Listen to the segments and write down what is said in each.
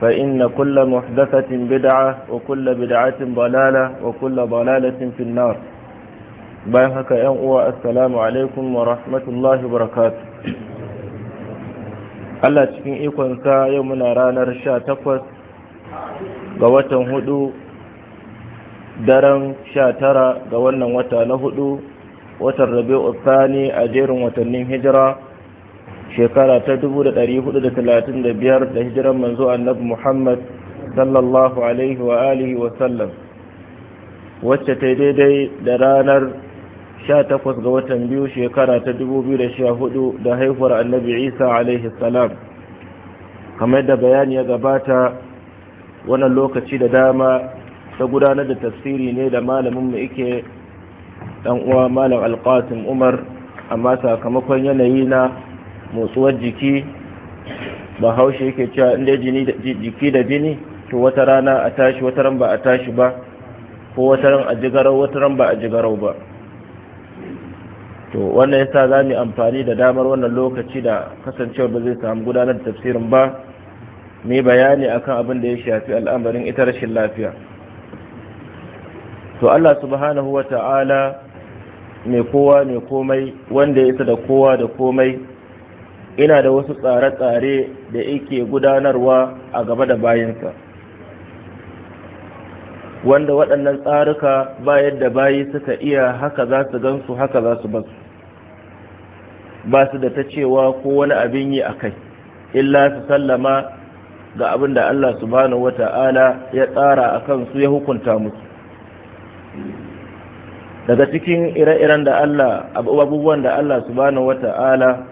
فإن كل محدثة بدعة وكل بدعة ضلالة وكل ضلالة في النار بايحك ينقوى السلام عليكم ورحمة الله وبركاته Allah cikin ikonsa yau muna ranar sha ga watan hudu daren sha tara ga wannan wata na hudu watan rabi'u tsani a jerin watannin hijira shekara ta dubu da hijiran manzo annabi Muhammad sallallahu alaihi wa alihi wa sallam wacce ta daidai da ranar 18 ga watan biyu shekara ta 2014 da haihuwar annabi Isa alaihi salam kamar da bayani ya gabata wannan lokaci da dama ta gudanar da tafsiri ne da malamin mu yake dan uwa malam alqasim umar amma sakamakon yanayi na motsuwar jiki ba bahaushe yake cewa inda jiki da jini to wata rana a tashi wata ran ba a tashi ba ko wata ran a jigarau wata ran ba a jigarau ba to wannan yasa za mu amfani da damar wannan lokaci da kasancewar ba zai samu gudanar da tafsirin ba mu bayani akan abin da ya shafi al'amarin ita rashin lafiya to Allah subhanahu wa ta'ala mai kowa mai komai wanda ya isa da kowa da komai ina da wasu tsare-tsare da yake gudanarwa a gaba da bayansa wanda waɗannan tsaruka ba yadda bayi suka iya haka za su gansu haka za su basu ba su da ta cewa ko wani abin yi a kai illa su sallama ga abin da Allah subhanahu wata'ala ya tsara a kansu ya hukunta musu daga cikin ire-iren da Allah abubuwan da Allah subhanahu wata'ala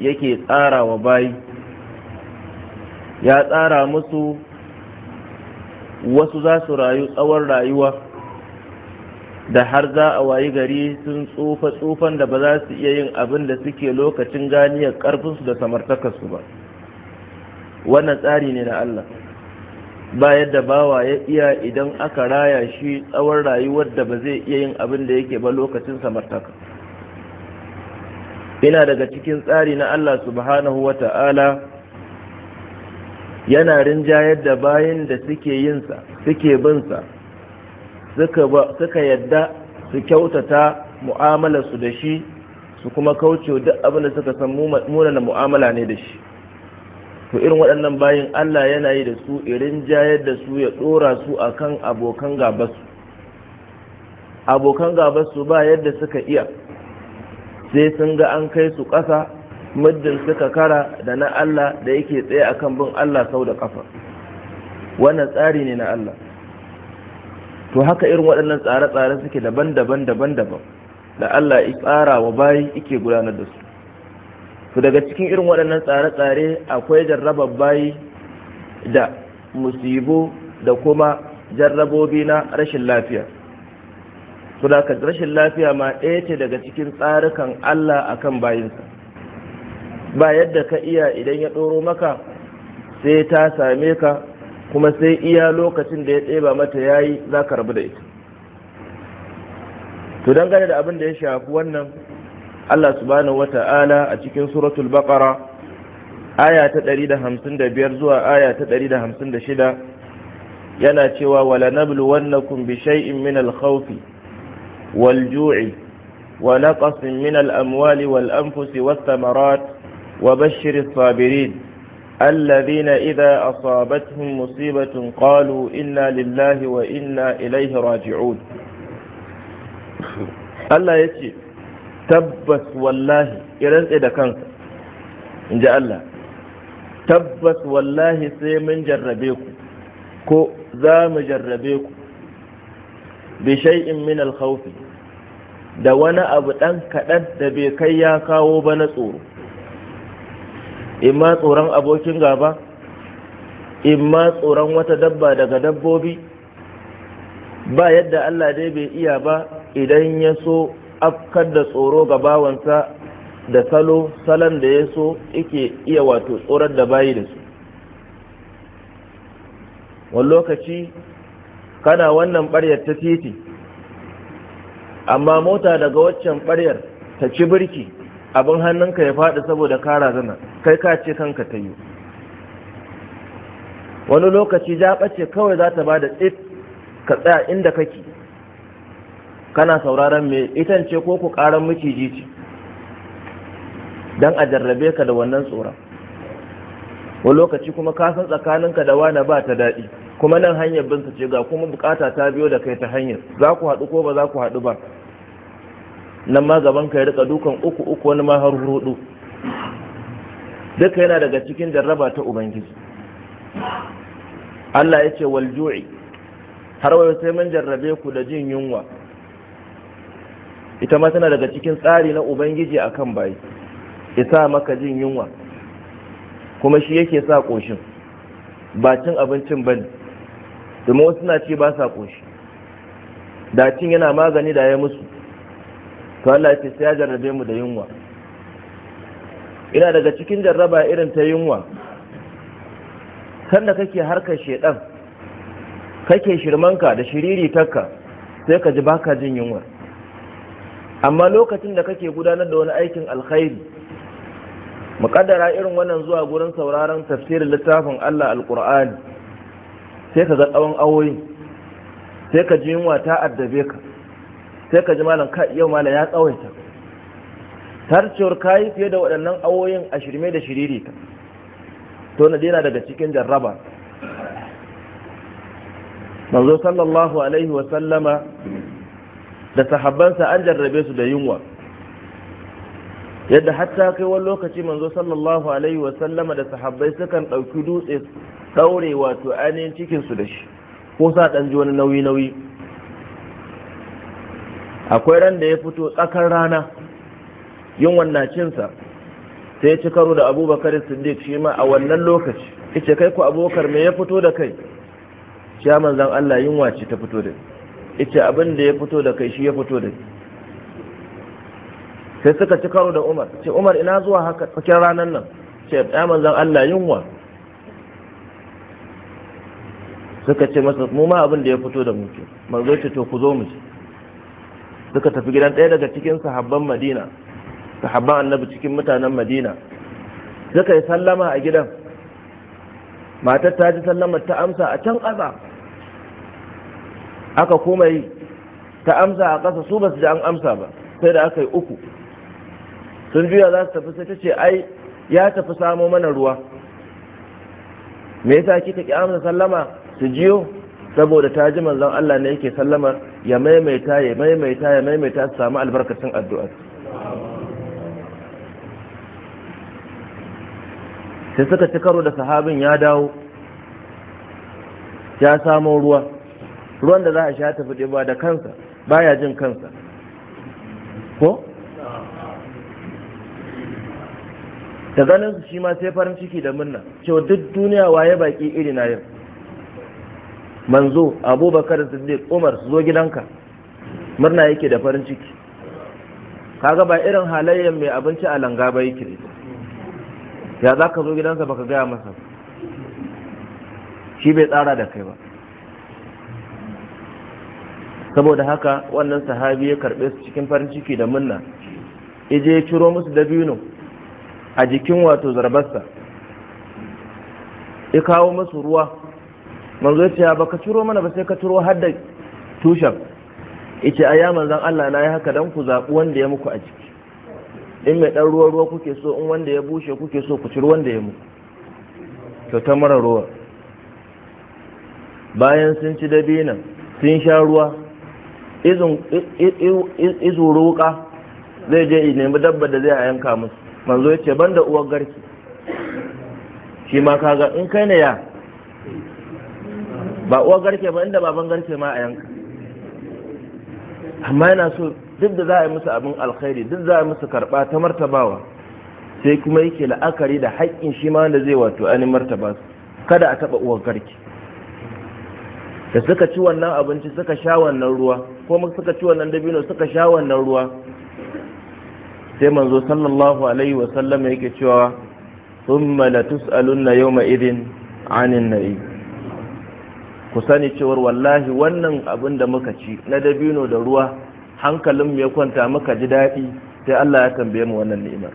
yake tsara wa bayi ya tsara musu wasu za su rayu tsawon rayuwa da har za a wayi gari sun tsufa tsufan da ba za su iya yin abin da suke lokacin ganiyar karfinsu da samartakarsu ba wannan tsari ne na Allah ba yadda bawa ya iya idan aka raya shi tsawon rayuwar da ba zai iya yin abin da yake ba lokacin samartaka yana daga cikin tsari na Allah subhanahu wa ta'ala yana rinjayar da bayan da suke yinsa suke binsa suka yadda su kyautata mu'amalarsu da shi su kuma kauce duk abin da suka san munana mu'amala ne da shi to irin waɗannan bayan Allah yana yi da su irin jayar da su ya ɗora su akan abokan gabasu abokan gabasu ba yadda suka iya sai sun ga an kai su ƙasa muddin suka kara da na Allah da yake tsaye a kan bin Allah sau da ƙafa wannan tsari ne na Allah to haka irin waɗannan tsare-tsare suke daban-daban daban-daban da Allah ya tsara wa bayi yake gudanar da su to daga cikin irin waɗannan tsare-tsare akwai jarrabar bayi da musibo da kuma jarrabobi na rashin lafiya suna ka rashin lafiya ma ɗaya ce daga cikin tsarukan Allah a kan bayinsa ba yadda ka iya idan ya ɗoro maka sai ta same ka kuma sai iya lokacin da ya ɗeba mata ya yi za ka rabu da ita to dangane da abin da ya shafi wannan Allah subhanahu wata'ala a cikin suratul baqara aya ta 155 zuwa aya ta 156 yana cewa wala nabluwannakum bi shay'in min al-khawfi والجوع ونقص من الأموال والأنفس والثمرات وبشر الصابرين الذين إذا أصابتهم مصيبة قالوا إنا لله وإنا إليه راجعون Allah ya ce tabbas wallahi ya rantse da kansa in ji Allah tabbas wallahi sai mun jarrabe ku ko za mu jarrabe ku bi shay'in min al da wani abu dan kaɗan da bai kai ya kawo ba na tsoro imma tsoron abokin gaba imma tsoron wata dabba daga dabbobi ba yadda Allah dai bai iya ba idan ya so afkar da tsoro ga bawansa da salo salon da ya so yake iya wato tsorar da bayi da su wani lokaci kana wannan ɓaryar ta titi amma mota daga waccan ɓaryar ta ci birki abin hannunka ya faɗi saboda kara zana kai ka ce kanka ta yi wani lokaci ja ɓace kawai za ta ba da tsit ka tsaya inda kake kana sauraron mai itance ko ku ƙaran miciji ce don a jarrabe ka da wannan tsoron wani lokaci kuma kasan tsakaninka da wani ba ta daɗi kuma nan hanyar binsa ce ga kuma bukata ta biyo da kai ta hanyar za ku haɗu ko ba za ku haɗu ba nan ma gaban ka ya rika dukan uku uku wani ma har hudu duka yana daga cikin jarraba ta ubangiji Allah ya ce wal ju'i har wayo sai mun jarrabe ku da jin yunwa ita ma tana daga cikin tsari na ubangiji akan bayi isa maka jin yunwa kuma shi yake sa koshin ba cin abincin bane domin wasu na ce ba sa kunshi da yana magani da ya musu to Allah ce sai ya jarrabe mu da yunwa ina daga cikin jarraba irin ta yunwa sanda kake harkar shedan kake shirmanka da shiriri takka sai ka ji baka jin yunwa amma lokacin da kake gudanar da wani aikin alkhairi muƙaddara irin wannan zuwa gurin sauraron tafsirin littafin Allah alƙur'ani sai ka ga tsawon awoyi sai ka ji yunwa ta addabe ka sai ka ji malam ka yau malam ya tsawaita ka yi fiye da waɗannan awoyin a shirme da shiriri ta to na dina daga cikin jarraba manzo sallallahu alaihi wa sallama da sahabbansa an jarrabe su da yunwa yadda hatta kai wani lokaci manzo sallallahu alaihi wa sallama da sahabbai sukan ɗauki dutse ɗaure wato ainihin cikinsu da shi ko sa ɗan ji wani nauyi-nauyi akwai ran da ya fito tsakar rana yin wannan cinsa sai ci karo da abubakar siddiq shi ma a wannan lokaci Ice kai ku abokar me ya fito da kai sha manzan allah yunwa ce ta fito da Ice abin da ya fito da kai shi ya fito da sai suka ci karo da umar ce umar ina zuwa haka cikin ranar nan ce ya manzan allah yunwa suka ce masa mu ma abin da ya fito da muke manzo ce to ku zo mu ci suka tafi gidan ɗaya daga cikin sahabban madina sahabban annabi cikin mutanen madina suka yi sallama a gidan matar ta ji sallamar ta amsa a can ƙasa aka kuma yi ta amsa a ƙasa su ba su ji an amsa ba sai da aka yi uku sun juya za su tafi sai ta ce ai ya tafi samo mana ruwa me yasa kika ki amsa sallama su jiyo saboda ta ji manzon Allah ne yake sallamar ya maimaita ya maimaita ya maimaita su samu albarkacin addu'a sai suka ci karo da sahabin ya dawo ya samo ruwa ruwan da za a sha tafi ba da kansa baya jin kansa ko Ta ganin su shi ma sai farin ciki da murna cewa duk duniya waye baki iri na yau manzo abubakar siddiq umar su zo gidanka murna yake da farin ciki kaga ba irin halayyar mai abinci a langa ba yake ya za ka zo gidansa baka gaya masa shi bai tsara da kai ba saboda haka wannan sahabi ya karɓe su cikin farin ciki da murna ije ya ciro musu dabino a jikin wato zarbarsa ya kawo musu ruwa manzo ya ce ba ka ciro mana ba sai ka ciro har da tushen yace aya zan Allah na yi haka dan ku zaɓi wanda ya muku a ciki in mai ɗan ruwa ruwa kuke so in wanda ya bushe kuke so ku ciro wanda ya muku kyauta mara ruwa bayan sun ci dabinan sun sha ruwa izu ruka zai je nemi dabba da zai a yanka musu manzo ya ce banda uwar garki shi ma kaga in kai ne ya ba uwa garke ba inda baban garke ma a yanka amma yana so duk da za a yi musu abin alkhairi duk za a yi musu karɓa ta martabawa sai kuma yake la'akari da haƙƙin shi ma wanda zai wato ainihin martaba su kada a taɓa uwar garke da suka ci wannan abinci suka sha wannan ruwa ko suka ci wannan dabino suka sha wannan ruwa sai manzo sallallahu alaihi wa sallam yake cewa thumma latus'alunna yawma idin 'anil na'im ku sani cewar wallahi wannan abin da muka ci na dabino da ruwa hankalinmu ya kwanta muka ji daɗi sai Allah ya tambaye mu wannan ni'imar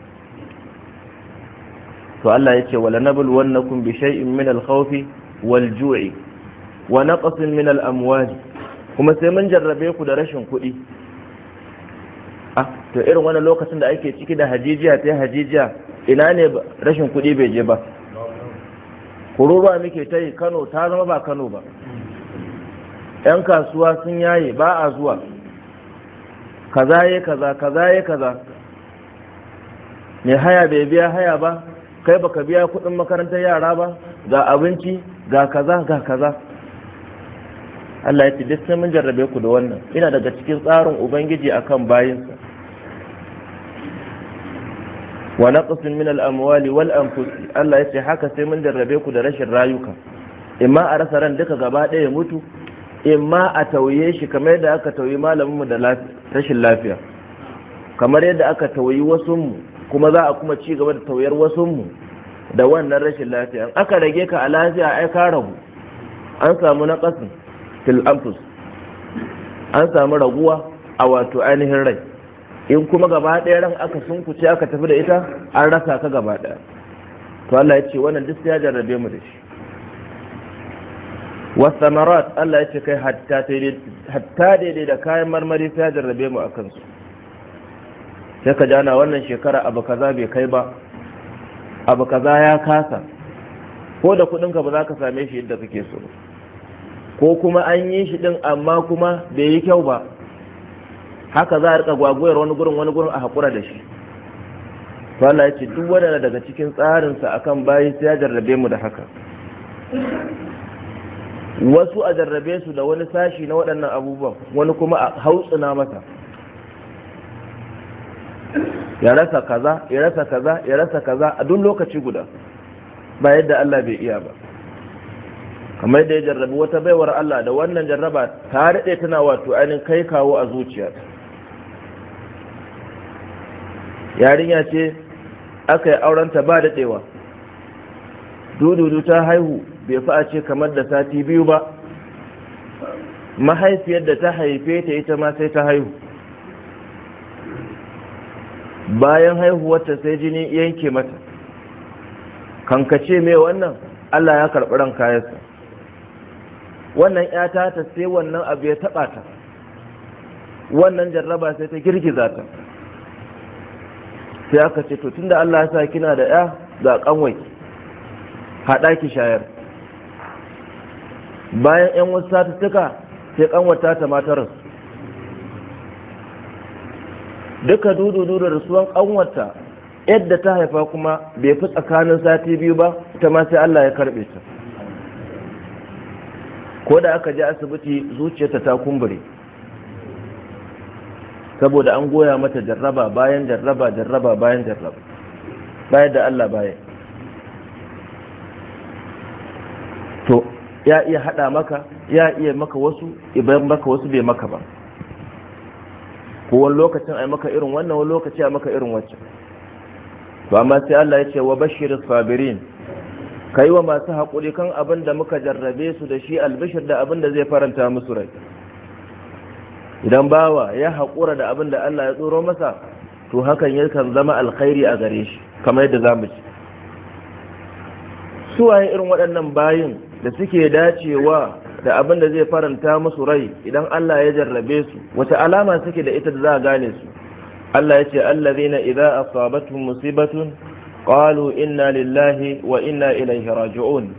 to Allah ya ce wala nabul wannakum bi shay'in min al khawfi wal ju'i wa naqsin min al-amwal kuma sai mun jarrabe ku da rashin kuɗi ah to irin wannan lokacin da ake ciki da hajijiya sai hajijiya ina ne rashin kuɗi bai je ba kururuwa muke ta yi Kano ta zama ba Kano ba 'yan kasuwa sun yaye ba a zuwa kaza ya kaza kaza ya kaza mai haya bai biya haya ba kai baka biya kudin makarantar yara ba ga abinci ga kaza ga kaza Allah ya ce duk sai mun jarrabe ku da wannan ina daga cikin tsarin ubangiji akan bayinsa wa naqsin min al-amwali wal anfus Allah ya ce haka sai mun jarrabe ku da rashin rayuka imma a rasa ran duka gaba ɗaya mutu imma a tauye shi kamar yadda aka tauyi malaminmu da tashin lafiya kamar yadda aka tauyi wasunmu kuma za a kuma ci gaba da tauyar wasunmu da wannan rashin lafiya aka rage ka a lafiya ai ka ragu an samu naƙasin til amfus an samu raguwa a wato ainihin rai in kuma gaba ɗaya ran aka sunkuce aka tafi da ita an rasa ka gaba ɗaya to Allah ya ce wannan duk ya jarrabe mu da shi wasamarat Allah ya ce kai hatta daidai da kayan marmari ta jarrabe mu a kansu sai ka jana wannan shekara abu kaza bai kai ba abu kaza ya kasa ko da kudinka ba za ka same shi yadda kake so ko kuma an yi shi din amma kuma bai yi kyau ba haka za a rika gwagwayar wani gurin wani gurin a haƙura da shi Allah ya ce duk wadanda daga cikin tsarinsa akan bayi sai ya jarrabe mu da haka wasu a jarrabe su da wani sashi na waɗannan abubuwan wani kuma a hautsina masa ya rasa kaza ya rasa kaza ya rasa kaza a duk lokaci guda ba yadda Allah bai iya ba kamar da ya jarrabi wata baiwar Allah da wannan jarraba ta daɗe tana wato ainihin kai kawo a zuciya yarinya ce aka yi ta ba daɗewa dududu ta haihu bai fi a ce kamar da sati biyu ba mahaifiyar da ta haife ta ita ma sai ta haihu bayan haihuwarta sai jini yanke mata kankace mai wannan allah ya karɓi ran kayansa wannan yata ta sai wannan abu ya taɓa ta wannan jarraba sai ta girgiza ta sai aka ce to tunda allah ya sa kina da ya ga kanwai haɗa ki shayar bayan yan wasu satuttuka sai kanwata ta mata rasu duka dudu da rasuwan kanwata yadda ta haifa kuma bai fi tsakanin sati biyu ba ta ma sai Allah ya karbe ta ko da aka je asibiti zuciyarta ta kumbure saboda an goya mata jarraba bayan jarraba jarraba bayan jarraba bayan da Allah baya to ya iya hada maka ya iya maka wasu iban maka wasu bai maka ba ko wani lokacin ai maka irin wannan wani lokaci a maka irin wacce to amma sai Allah ya ce wa bashirin sabirin kai wa masu haƙuri kan abin muka jarrabe su da shi albishir da abin zai faranta musu rai idan bawa ya haƙura da abinda Allah ya tsoro masa to hakan yakan zama alkhairi a gare shi kamar yadda za mu ci suwaye irin waɗannan bayin da suke dacewa da abin da zai faranta musu rai idan Allah ya jarrabe su wace alama suke da ita da za a gane su Allah ya ce allazina idza asabatuhum musibatun qalu inna lillahi wa inna ilaihi raji'un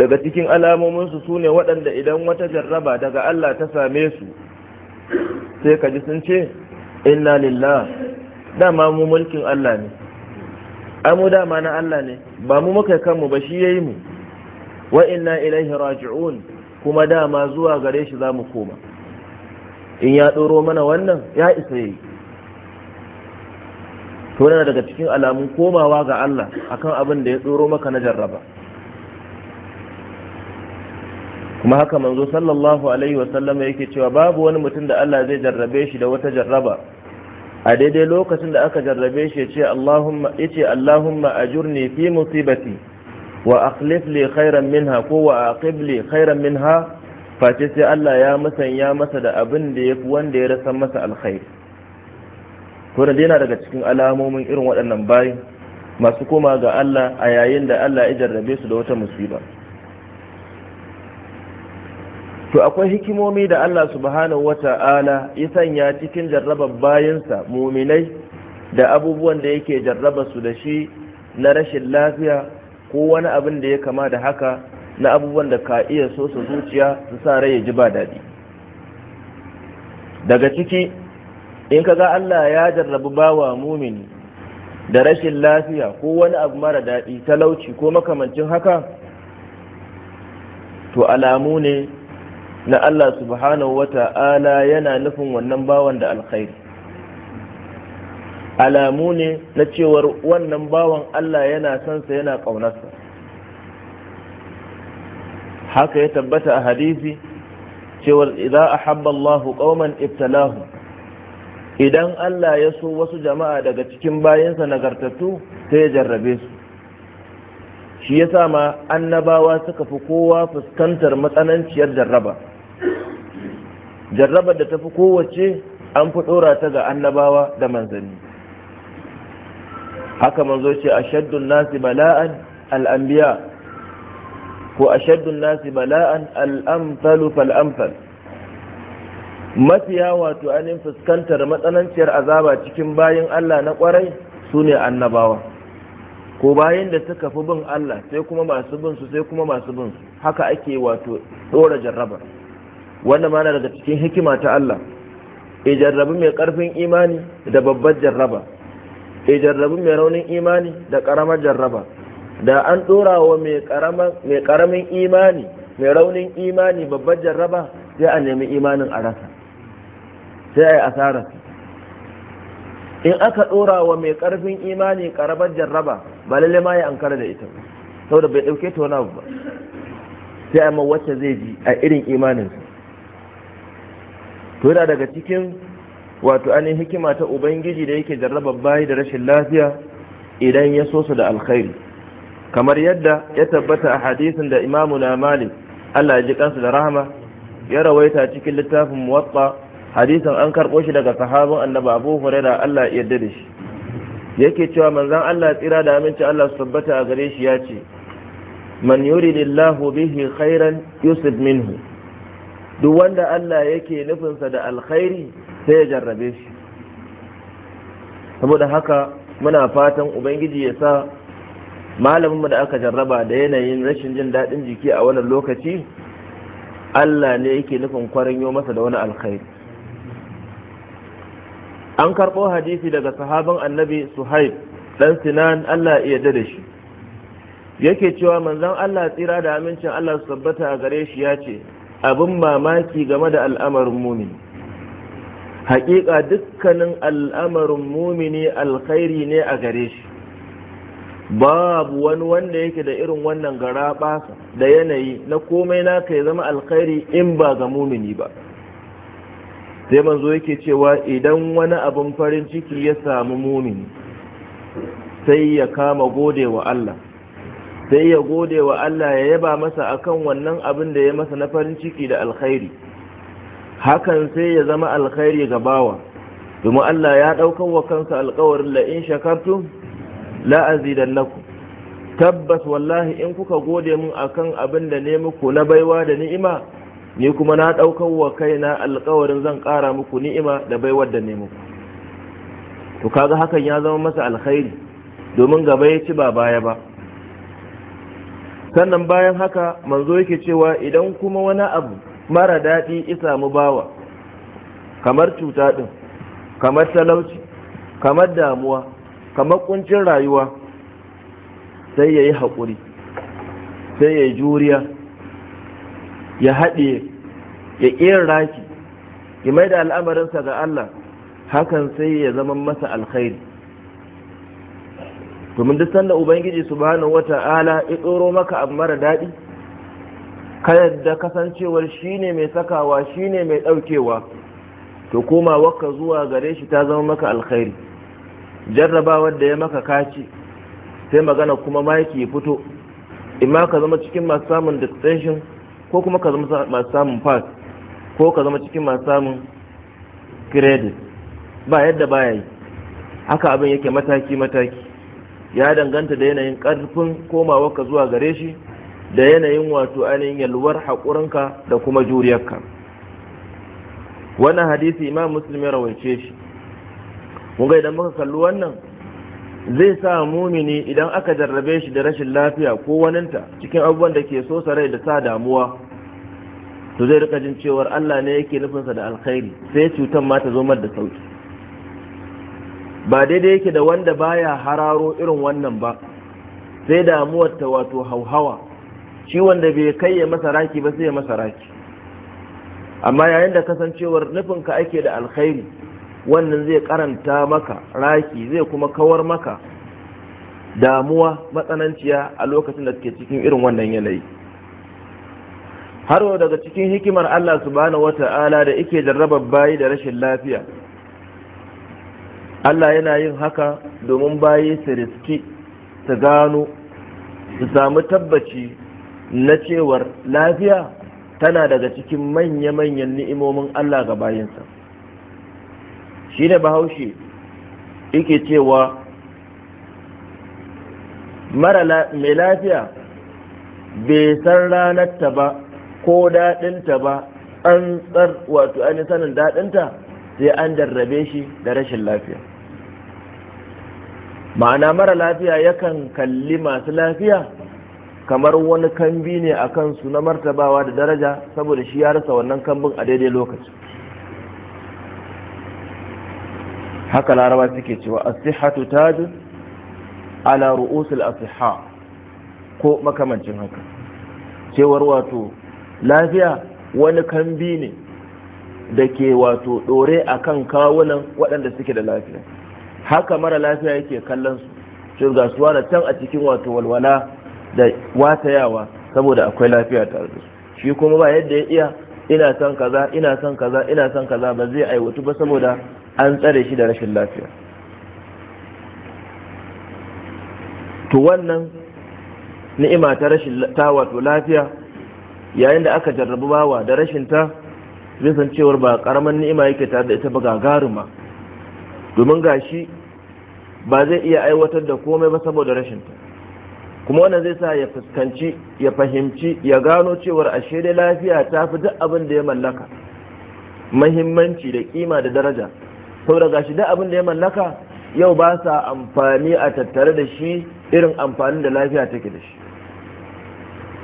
daga cikin alamomin su sune waɗanda idan wata jarraba daga Allah ta same su sai ka ji sun ce inna lillahi dama mu mulkin Allah ne amu dama na Allah ne ba mu muka kanmu ba shi yayi mu wa inna ilaihi raji'un kuma dama zuwa gare shi za mu koma in ya ɗoro mana wannan ya isa yi to yana daga cikin alamun komawa ga Allah akan abin da ya ɗoro maka na jarraba kuma haka manzo sallallahu alaihi wasallama yake cewa babu wani mutum da Allah zai jarrabe shi da wata jarraba a daidai lokacin da aka jarrabe shi ya ce Allahumma ajurni fi musibati wa akhlif li khairan minha ko wa aqib li khairan minha face sai Allah ya musanya masa da abin da fi wanda ya rasa masa alkhairi to da yana daga cikin alamomin irin waɗannan bayi masu koma ga Allah a yayin da Allah ya jarrabe su da wata musiba to akwai hikimomi da Allah subhanahu wata'ala ya sanya cikin jarrabar bayansa muminai da abubuwan da yake jarraba su da shi na rashin lafiya ko wani abin da ya kama da haka na abubuwan da ka iya so su zuciya su sa rai ya ji ba daɗi daga ciki in ka ga Allah ya jarrabu bawa mumini da rashin lafiya ko wani abu mara daɗi talauci ko makamancin haka to alamu ne na Allah subhanahu wa ta'ala yana nufin wannan bawan da alkhairi alamu ne na cewar wannan bawan Allah yana sansa yana ƙaunarsa haka ya tabbata a hadisi cewar idan ahabba Allahu qauman ibtalahu idan Allah ya so wasu jama'a daga cikin bayansa nagartattu sai ya jarrabe su shi yasa ma annabawa suka fi kowa fuskantar matsananciyar jarraba jarrabar da ta fi kowace an fi ɗora ta ga annabawa da manzanni haka manzo ce shaddun nasi bala'an al'ambiya ko shaddun nasi bala'an al'amfalu fal'amfal mafiya wato ainihin fuskantar matsananciyar azaba cikin bayin Allah na kwarai su ne annabawa ko bayan da suka fi bin Allah sai kuma masu bin su sai kuma masu bin su haka ake wato dora jarraba. wannan mana daga cikin hikima ta Allah e jarrabi mai karfin imani da babbar jarraba ya jarrabu mai raunin imani da karamar jarraba da an ɗora wa mai karamin imani mai raunin imani babbar jarraba sai a nemi imanin a rasa sai a yi asara in aka ɗora wa mai karfin imani karamar jarraba ba lalle ma ya ankara da ita saboda bai ɗauke ta wani abu ba sai a wacce zai ji a irin imaninsa to yana daga cikin wato anin hikima ta ubangiji da yake jarraba bayi da rashin lafiya idan ya so su da alkhairi kamar yadda ya tabbata a hadisin da imamu na malik allah ji kansu da rahama ya rawaita cikin littafin muwatta hadisin an karɓo shi daga sahabin annabi abu hurairah allah yarda da shi yake cewa manzon allah tsira da aminci allah su tabbata a gare shi ya ce man yuridillahu bihi khairan yusuf minhu duk wanda allah yake nufinsa da alkhairi sai ya jarrabe shi saboda haka muna fatan ubangiji ya sa malaminmu da aka jarraba da yanayin rashin jin daɗin jiki a wannan lokaci allah ne yake nufin kwarin masa da wani alkhairi an karɓo hadisi daga sahaban annabi suhaib ɗan sinan allah iya da shi yake cewa manzon allah tsira da amincin allah su tabbata a gare shi ya ce abin mamaki game da al'amarin mumini haƙiƙa dukkanin al'amarin mumini alkhairi ne a gare shi babu wani wanda yake da irin wannan gara da yanayi na komai na kai zama alkhairi in ba ga mumini ba sai manzo yake cewa idan wani abin farin ciki ya samu mumini sai ya kama gode wa Allah sai ya gode wa Allah ya yaba masa akan wannan abin da ya masa na farin ciki da alkhairi hakan sai ya zama alkhairi ga bawa domin Allah ya daukan wa kansa alkawarin la in shakartum la azidannakum tabbas wallahi in kuka gode min akan abin da ne muku na baiwa da ni'ima ni kuma na daukan wa kaina alkawarin zan kara muku ni'ima da baiwar da ne muku to kaga hakan ya zama masa alkhairi domin gaba ya ci ba baya ba sannan bayan haka manzo yake cewa idan kuma wani abu mara daɗi isa mu bawa kamar cuta ɗin kamar talauci kamar damuwa kamar ƙuncin rayuwa sai ya yi haƙuri sai ya juriya ya haɗe ya ƙera raki ya mai da al'amarinsa ga Allah hakan sai ya zama masa alkhairi domin duk sanda ubangiji subhanahu wata'ala ya tsoro maka abu mara daɗi ka yadda kasancewar shine mai sakawa shine mai ɗaukewa to waka zuwa gare shi ta zama maka alkhairi jarrabawar da ya maka kaci sai magana kuma maki fito imma ka zama cikin masu samun distinction ko kuma ka zama masu samun pass ko ka zama cikin masu samun credit ba yadda baya yi haka abin yake mataki-mataki ya danganta da yanayin karfin komawa ka zuwa gare shi da yanayin wato ainihin yalwar haƙurinka da kuma juriyarka wannan hadisi imam muslim ya rawaice shi mun ga idan muka kalli wannan zai sa mumini idan aka jarrabe shi da rashin lafiya ko waninta cikin abubuwan da ke so sa rai da sa damuwa to zai rika jin cewar Allah ne yake nufinsa da alkhairi sai cutan ma ta zo mar da sauki ba daidai yake da wanda baya hararo irin wannan ba sai damuwar ta wato hauhawa ciwon da bai kai ya masa raki ba sai ya masa raki amma yayin da kasancewar nufin ka ake da alkhairi wannan zai karanta maka raki zai kuma kawar maka damuwa matsananciya a lokacin da ke cikin irin wannan yanayi har daga cikin hikimar Allah subhanahu wata'ala da yake jarrabar bayi da rashin lafiya Allah yana yin haka domin bayi su riski su gano su samu tabbaci na cewar lafiya tana daga cikin manya-manyan ni'imomin Allah ga bayansa shi da bahaushe yake cewa mara mai lafiya bai san ranarta ba ko daɗinta ba an tsar wato an sanin daɗinta sai an jarrabe shi da rashin lafiya ma'ana mara lafiya yakan kalli masu lafiya kamar wani kambi ne a kansu na martabawa da daraja saboda shi ya rasa wannan kambin a daidai lokaci haka laraba suke cewa asihatu tajun ala ru'usul asiha ko makamancin haka cewar wato lafiya wani kambi ne da ke wato dore a kan kawunan waɗanda suke da lafiya haka mara lafiya yake kallon su shirga suwa da can a cikin wato walwala da watayawa saboda akwai lafiya tare da su shi kuma ba yadda ya iya ina son kaza ina son kaza ina son kaza ba zai aiwatu ba saboda an tsare shi da rashin lafiya to wannan ni'ima ta rashin ta wato lafiya yayin da aka jarrabu bawa da rashin ta zai san cewar ba karaman ni'ima yake tare da ita ba gagaruma domin gashi ba zai iya aiwatar da komai ba saboda rashin ta kuma wannan zai sa ya fuskanci ya fahimci ya gano cewar ashe dai lafiya ta fi duk abin da ya mallaka mahimmanci da kima da daraja saboda gashi duk abin da ya mallaka yau ba sa amfani a tattare da shi irin amfanin da lafiya take da shi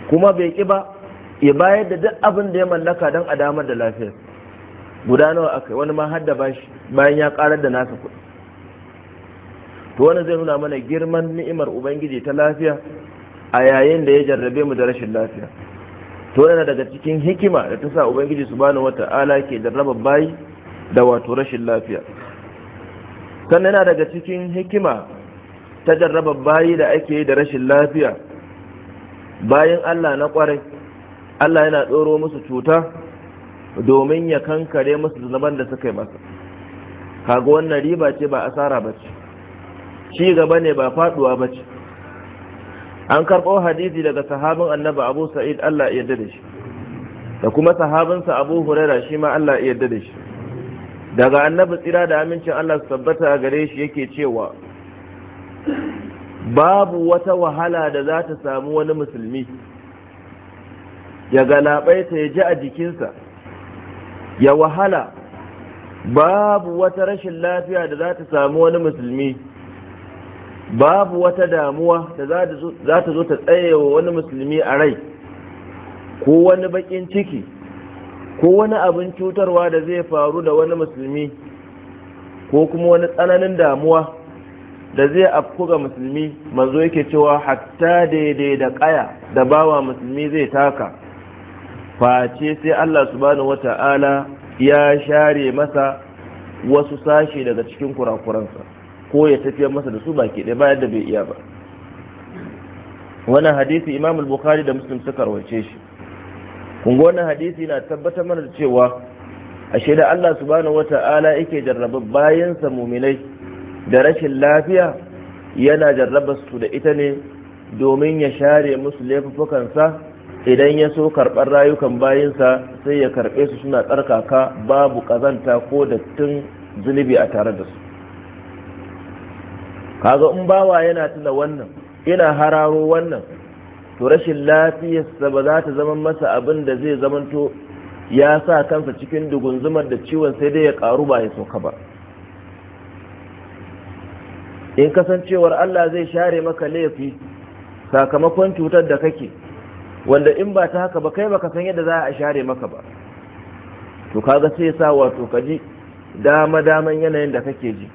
kuma bai ki ba ya bayar da duk abin da ya mallaka don a damar da lafiyar nawa akai wani ma har da bayan ya karar da nasa kuɗi to wannan zai nuna mana girman ni'imar ubangiji ta lafiya a yayin da ya jarrabe mu da rashin lafiya to yana daga cikin hikima da ta sa ubangiji subhanahu wata'ala ke jarraba bayi da wato rashin lafiya sannan yana daga cikin hikima ta jarraba bayi da ake yi da rashin lafiya bayan Allah na kwarai Allah yana tsoro musu cuta domin ya kankare musu zunuban da suka yi masa kaga wannan riba ce ba asara ba ce ci gaba ne ba faduwa ba ce an karɓo hadisi daga sahabin annaba abu sa'id allah ya da shi da kuma sahabinsa abu huraira shi ma allah ya da shi daga annabi tsira da amincin allah su tabbata a gare shi yake cewa babu wata wahala da za ta samu wani musulmi ya ta ya ji a jikinsa ya wahala babu wata rashin lafiya da za ta samu wani musulmi babu wata damuwa da za ta zo ta tsaye wa wani musulmi a rai ko wani bakin ciki ko wani abin cutarwa da zai faru da wani musulmi ko kuma wani tsananin damuwa da zai afku ga musulmi manzo yake cewa hatta daidai da kaya da bawa musulmi zai taka face sai Allah subhanahu wata'ala ya share masa wasu sashi daga cikin kurakuransa ko ya tafiya masa da su baki ɗaya bayan da bai iya ba wannan hadisi imam al-bukhari da muslim suka rawace shi kun ga wannan hadisi na tabbatar mana da cewa ashe da Allah subhanahu wata'ala yake jarraba bayansa muminai da rashin lafiya yana jarraba su da ita ne domin ya share musu sa idan ya so karɓar rayukan bayinsa sai ya karɓe su suna tsarkaka babu ƙazanta ko dattin zunubi a tare da su kaga in bawa yana tuna wannan ina hararo wannan to rashin lafiyarsa ba za ta zama masa abin da zai zamanto ya sa kansa cikin dugunzumar da ciwon sai dai ya karu ba ya sauka ba in kasancewar Allah zai share maka laifi sakamakon cutar da kake wanda in ba ta haka ba kai baka san yadda za a share maka ba to kaga sai sa wato ka ji dama daman yanayin da kake ji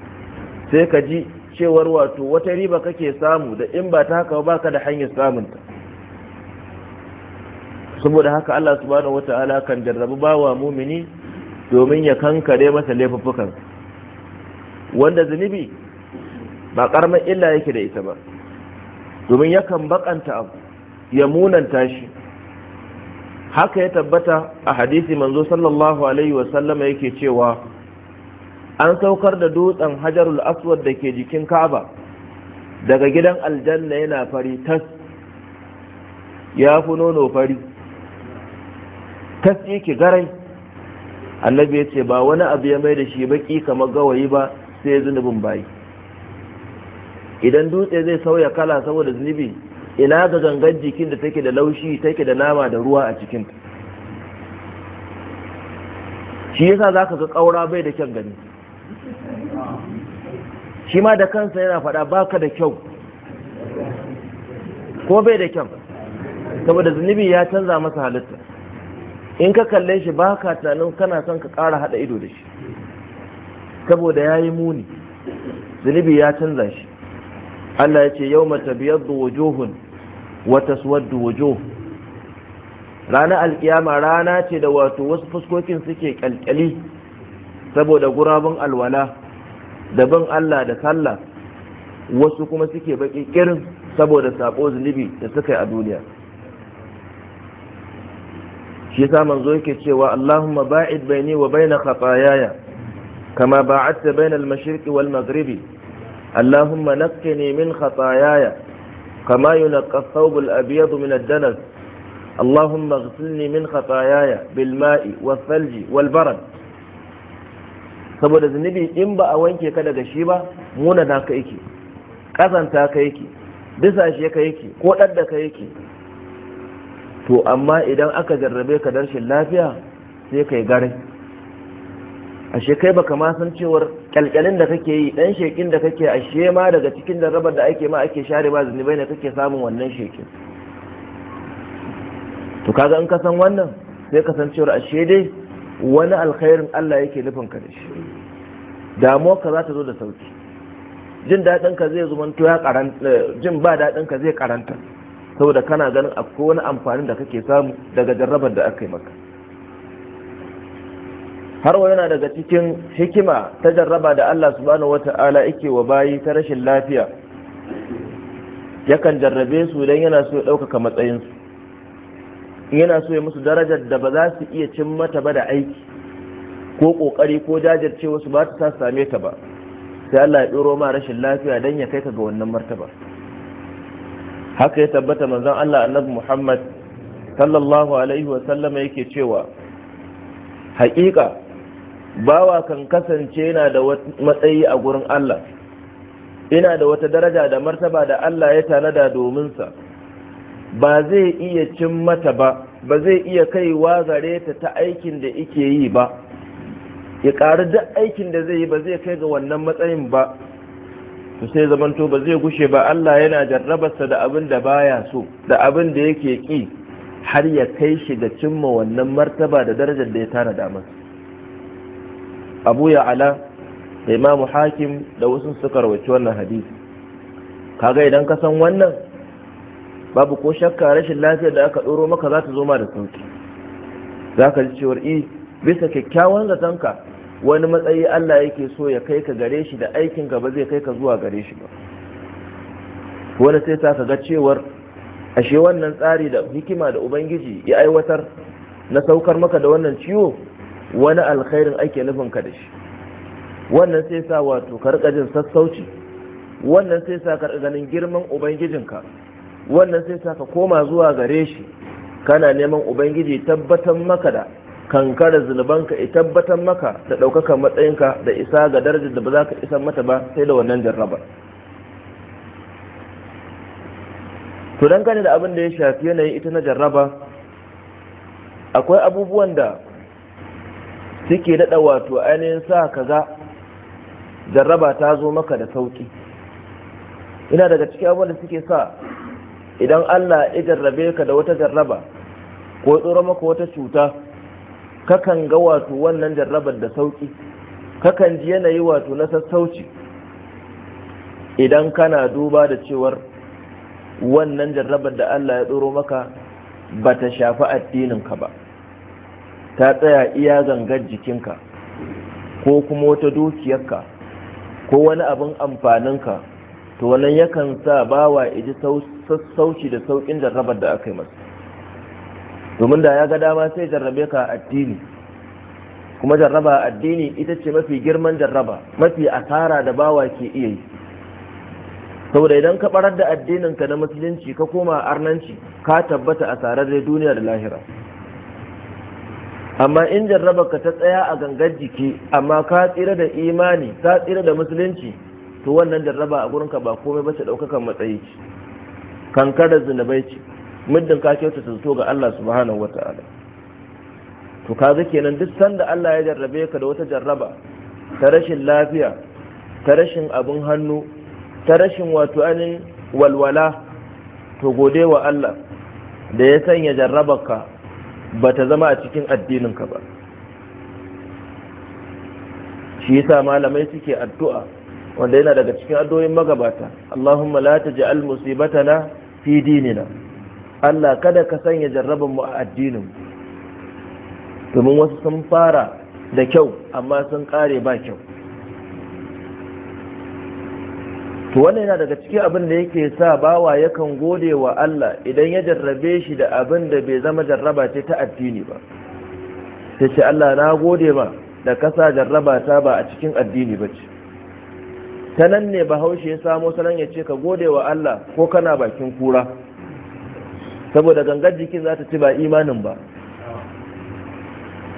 sai ka ji cewar wato wata riba kake samu da in ba ta haka ba ka da hanyar samun ta? saboda haka Allah subhanahu wata'ala kan jarrabu bawa mumini domin ya kankare masa laifuffukan wanda zunubi ba karamar illa yake da ita ba domin yakan bakanta abu ya munanta shi haka ya tabbata a hadisi manzo sallallahu alaihi wa sallama yake cewa an saukar da dutsen hajarul aswad da ke jikin kaba daga gidan aljanna yana fari tas ya fi nono fari tas yake garai annabi ya ce ba wani abu ya mai da shi baki kamar gawayi ba sai zunubin bayi idan dutse zai sauya kala saboda zunubi ina ga gangan jikin da take da laushi take da nama da ruwa a cikinta shi yasa zaka ga ƙaura bai da kyan gani shi ma da kansa yana faɗa baka da kyau ko bai da kyau saboda zunubi ya canza masa halitta in ka kalle shi baka tunanin kana son ka ƙara haɗa ido da shi saboda ya yi muni zunubi ya canza shi Allah ya ce yau mata biyar da wajohun wata suwar da wajo ranar alkiyama rana ce da wato wasu fuskokin suke kyalkyali saboda gurabun alwala da Allah da sallah wasu kuma suke baki kirin saboda sako zunubi da suka yi a duniya shi yasa manzo yake cewa Allahumma ba'id baini wa baina khataayaya kama ba'adta baina al-mashriqi wal maghribi Allahumma naqqini min khataayaya كما ينقى الثوب الأبيض من الدنس اللهم اغسلني من خطاياي بالماء والثلج والبرد saboda zunubi in ba a wanke ka daga shi ba muna na ka yake kazanta ka yake shi ka yake ko da ka yake to amma idan aka jarrabe ka darshin lafiya sai kai gare ashe kai baka ma san cewar kyalkyalin da kake yi dan shekin da kake ashe ma daga cikin jarrabar da ake ma ake share ba zunubai ne kake samun wannan shekin to kaga in ka san wannan sai ka san cewar ashe dai wani alkhairin Allah yake nufin ka da shi Damuwa ka za ta zo da sauki jin daɗin ka zai ya karanta eh, jin ba daɗin ka zai karanta saboda kana ganin akwai wani amfanin da kake samu daga jarrabar da aka yi maka har wa yana daga cikin hikima ta jarraba da Allah subhanahu wata'ala yake wa bayi ta rashin lafiya yakan jarrabe su don yana so ya ɗaukaka matsayinsu yana so ya musu darajar da ba za su iya cin mata ba da aiki ko kokari ko jajirce wasu ba ta sa same ta ba sai Allah ya ɗoro ma rashin lafiya don ya kai ka ga wannan martaba haka ya tabbata manzon Allah annabi Muhammad sallallahu alaihi wa sallama yake cewa haƙiƙa bawa kan kasance yana da matsayi a gurin Allah ina da wata daraja da martaba da Allah ya tanada domin sa ba zai iya cin mata ba ba zai iya kaiwa gare ta ta aikin da ike yi ba ya ƙari duk aikin da zai yi ba zai kai ga wannan matsayin ba to sai zamanto ba zai gushe ba Allah yana jarrabarsa da abin da baya so da abin da yake ƙi har ya kai shi ga cimma wannan martaba da darajar da ya tara dama abu ya ala da hakim da wasu suka rawaci wannan hadisi kaga idan ka san wannan babu ko shakka rashin lafiyar da aka ɗoro maka za ta zo ma da sauki za ka ji cewar i eh, bisa kyakkyawan zatonka wani matsayi Allah yake so ya kai ka gare shi da aikin ka ba zai kai ka zuwa gare shi ba wani sai ta ga cewar ashe wannan tsari da hikima da ubangiji ya aiwatar na saukar maka da wannan ciwo wani alkhairin ake nufin ka da shi wannan sai sa wato ka jin sassauci wannan sai sa ka ganin girman ubangijinka wannan sai ka koma zuwa gare shi kana neman ubangiji tabbatar maka da kankara zunubanka ya tabbatar maka da ɗaukaka matsayinka da isa ga darajar da ba za ka isa mata ba sai da wannan jarrabar to don gane da abin da ya shafi yanayin ita na jarraba akwai abubuwan da suke daɗa wato ainihin sa ka ga jarraba ta zo maka da sauƙi ina daga cikin abubuwan da suke sa idan Allah ya jarrabe ka da wata jarraba ko tsoro maka wata cuta kakan ga wato wannan jarrabar da sauki kakan ji yanayi wato na sassauci idan kana duba da cewar wannan jarrabar da Allah ya tsoro maka ba ta shafi ka ba ta tsaya iya gangar jikinka ko kuma wata dukiyarka ko wani abin amfaninka to wannan yakan sa bawa iji sassauci da saukin jarrabar da aka yi masa domin da ya ga dama sai jarrabe ka addini kuma jarraba addini ita ce mafi girman jarraba mafi asara da bawa ke iya yi saboda idan ka barar da addinin ka na musulunci ka koma arnanci ka tabbata a da duniya da lahira amma in jarraba ka ta tsaya a gangar jiki amma ka tsira da imani ka tsira da musulunci to wannan jarraba a gurinka ba komai ba ta ɗaukaka matsayi ce kankarar zunubai ce muddin ka kyauta ta zato ga Allah subhanahu wata'ala to ga kenan duk sanda Allah ya jarrabe ka da wata jarraba ta rashin lafiya ta rashin abin hannu ta rashin wato anin walwala to gode wa Allah da ya sanya jarrabarka ba ta zama a cikin addinin ka ba shi yasa malamai suke addu'a wanda yana daga cikin addu'o'in magabata Allahumma la taj'al musibatana fi dinina Allah kada ka sanya jarraban mu a addinin domin wasu sun fara da kyau amma sun kare ba kyau to wannan yana daga cikin abin da yake sa bawa yakan gode wa Allah idan ya jarrabe shi da abin da bai zama jarraba ce ta addini ba sai ce Allah na gode ma da kasa jarraba ta ba a cikin addini ba ce ta nan ne bahaushe ya samo salon ya ce ka gode wa Allah ko kana bakin kura saboda gangar jikin za ta ci ba imanin ba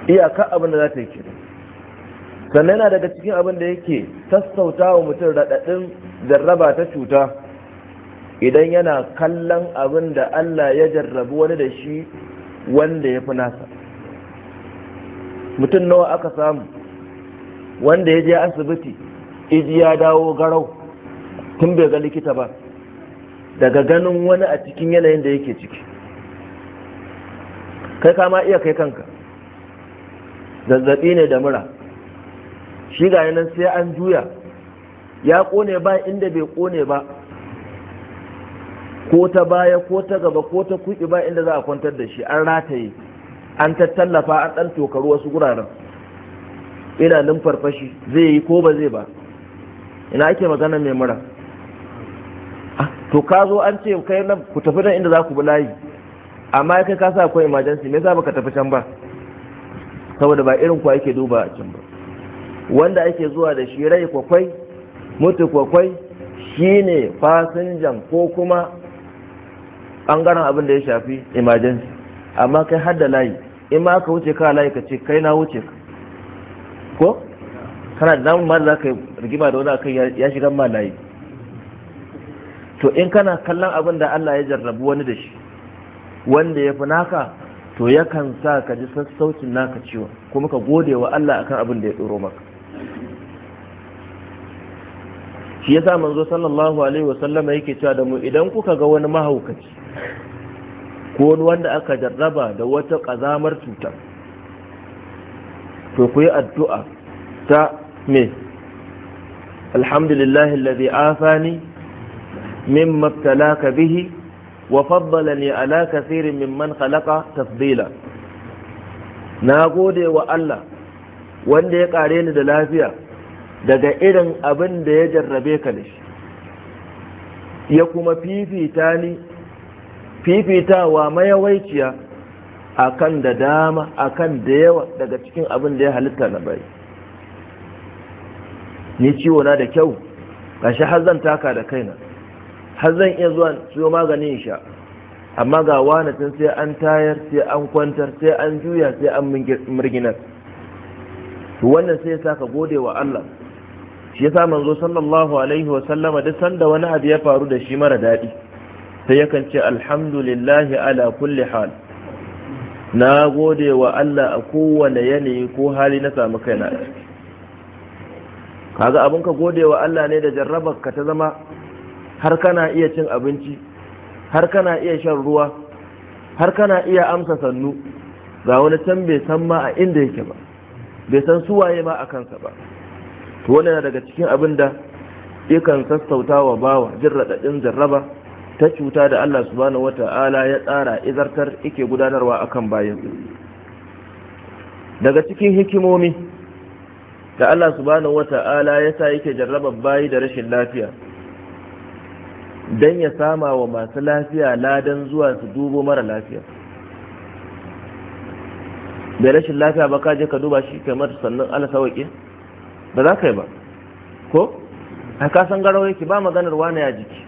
iyaka abin da za ta yi sannan yana daga cikin abin da yake sassauta wa mutum raɗaɗin jarraba ta cuta idan yana kallon abin da Allah ya jarrabu wani da shi wanda ya fi nasa mutum nawa aka samu wanda ya je asibiti idi ya dawo garau tun bai ga likita ba daga ganin wani a cikin yanayin da yake ciki kai kama iya kai kanka zazzabi ne da mura shi ga nan sai an juya ya kone ba inda bai kone ba ko ta baya ko ta gaba ko ta kuɗi ba inda za a kwantar da shi an rataye an tattallafa an ɗan tokaru wasu guraren ina numfarfashi zai yi ko ba zai ba ina ake magana mai mura ah, to ka zo an ce kai nan ku tafi nan inda za ku bi layi amma kai ka sa akwai emergency me yasa baka tafi can ba saboda ba irin ku ake duba a can ba wanda ake zuwa da shi rai kwakwai mutu kwakwai shine fasinjan ko kuma bangaren abin da ya shafi emergency amma kai har da layi in ma ka wuce ka layi ka ce kai na wuce ko kana da namun mali za ka rigima da wani akan ya shiga malayi to in kana kallon abin da Allah ya jarrabu wani da shi wanda ya fi naka to yakan sa ka ji sassaucin naka ciwo kuma ka gode wa Allah akan abin da ya tsoro maka shi yasa manzo sallallahu alaihi wa sallama yake cewa da mu idan kuka ga wani mahaukaci ko wani wanda aka jarraba da wata kazamar cuta to ku yi addu'a ta me alhamdulillahi alladhi afani min ka bihi wa faddalani ala min man khalaqa tafdila na gode wa Allah wanda ya kare ni da lafiya daga irin abin da ya jarrabe ka da ya kuma fifita ni fifitawa mayawaiciya akan da dama akan da yawa daga cikin abin da ya halitta na bai ni ciwo na da kyau gashi har zan taka da kaina har zan iya zuwa siyo maganin sha amma ga wani tun sai an tayar sai an kwantar sai an juya sai an murginar to wannan sai ya ka gode wa Allah shi yasa manzo sallallahu alaihi wa sallama duk sanda wani abu ya faru da shi mara daɗi sai yakan ce alhamdulillahi ala kulli hal na gode wa Allah a kowane yanayi ko hali na samu kaina kaga abin ka gode wa Allah ne da jarrabarka ta zama har kana iya cin abinci har kana iya shan ruwa har kana iya amsa sannu ga wani can bai san ma a inda yake ba bai san suwaye ma a kansa ba to wannan daga cikin abin da yakan sassauta wa bawa jin raɗaɗin jarraba ta cuta da Allah subhanahu wata'ala ya tsara izartar yake gudanarwa akan bayan daga cikin hikimomi da Allah subhanahu wata'ala ya sa yake jarrabar bayi da rashin lafiya don ya sama wa masu lafiya ladan zuwa su dubo mara lafiya da rashin lafiya ba ka je ka duba shi kamar sannan Allah sauke ba za ka yi ba ko a kasan garo yake ba maganar wani ya jiki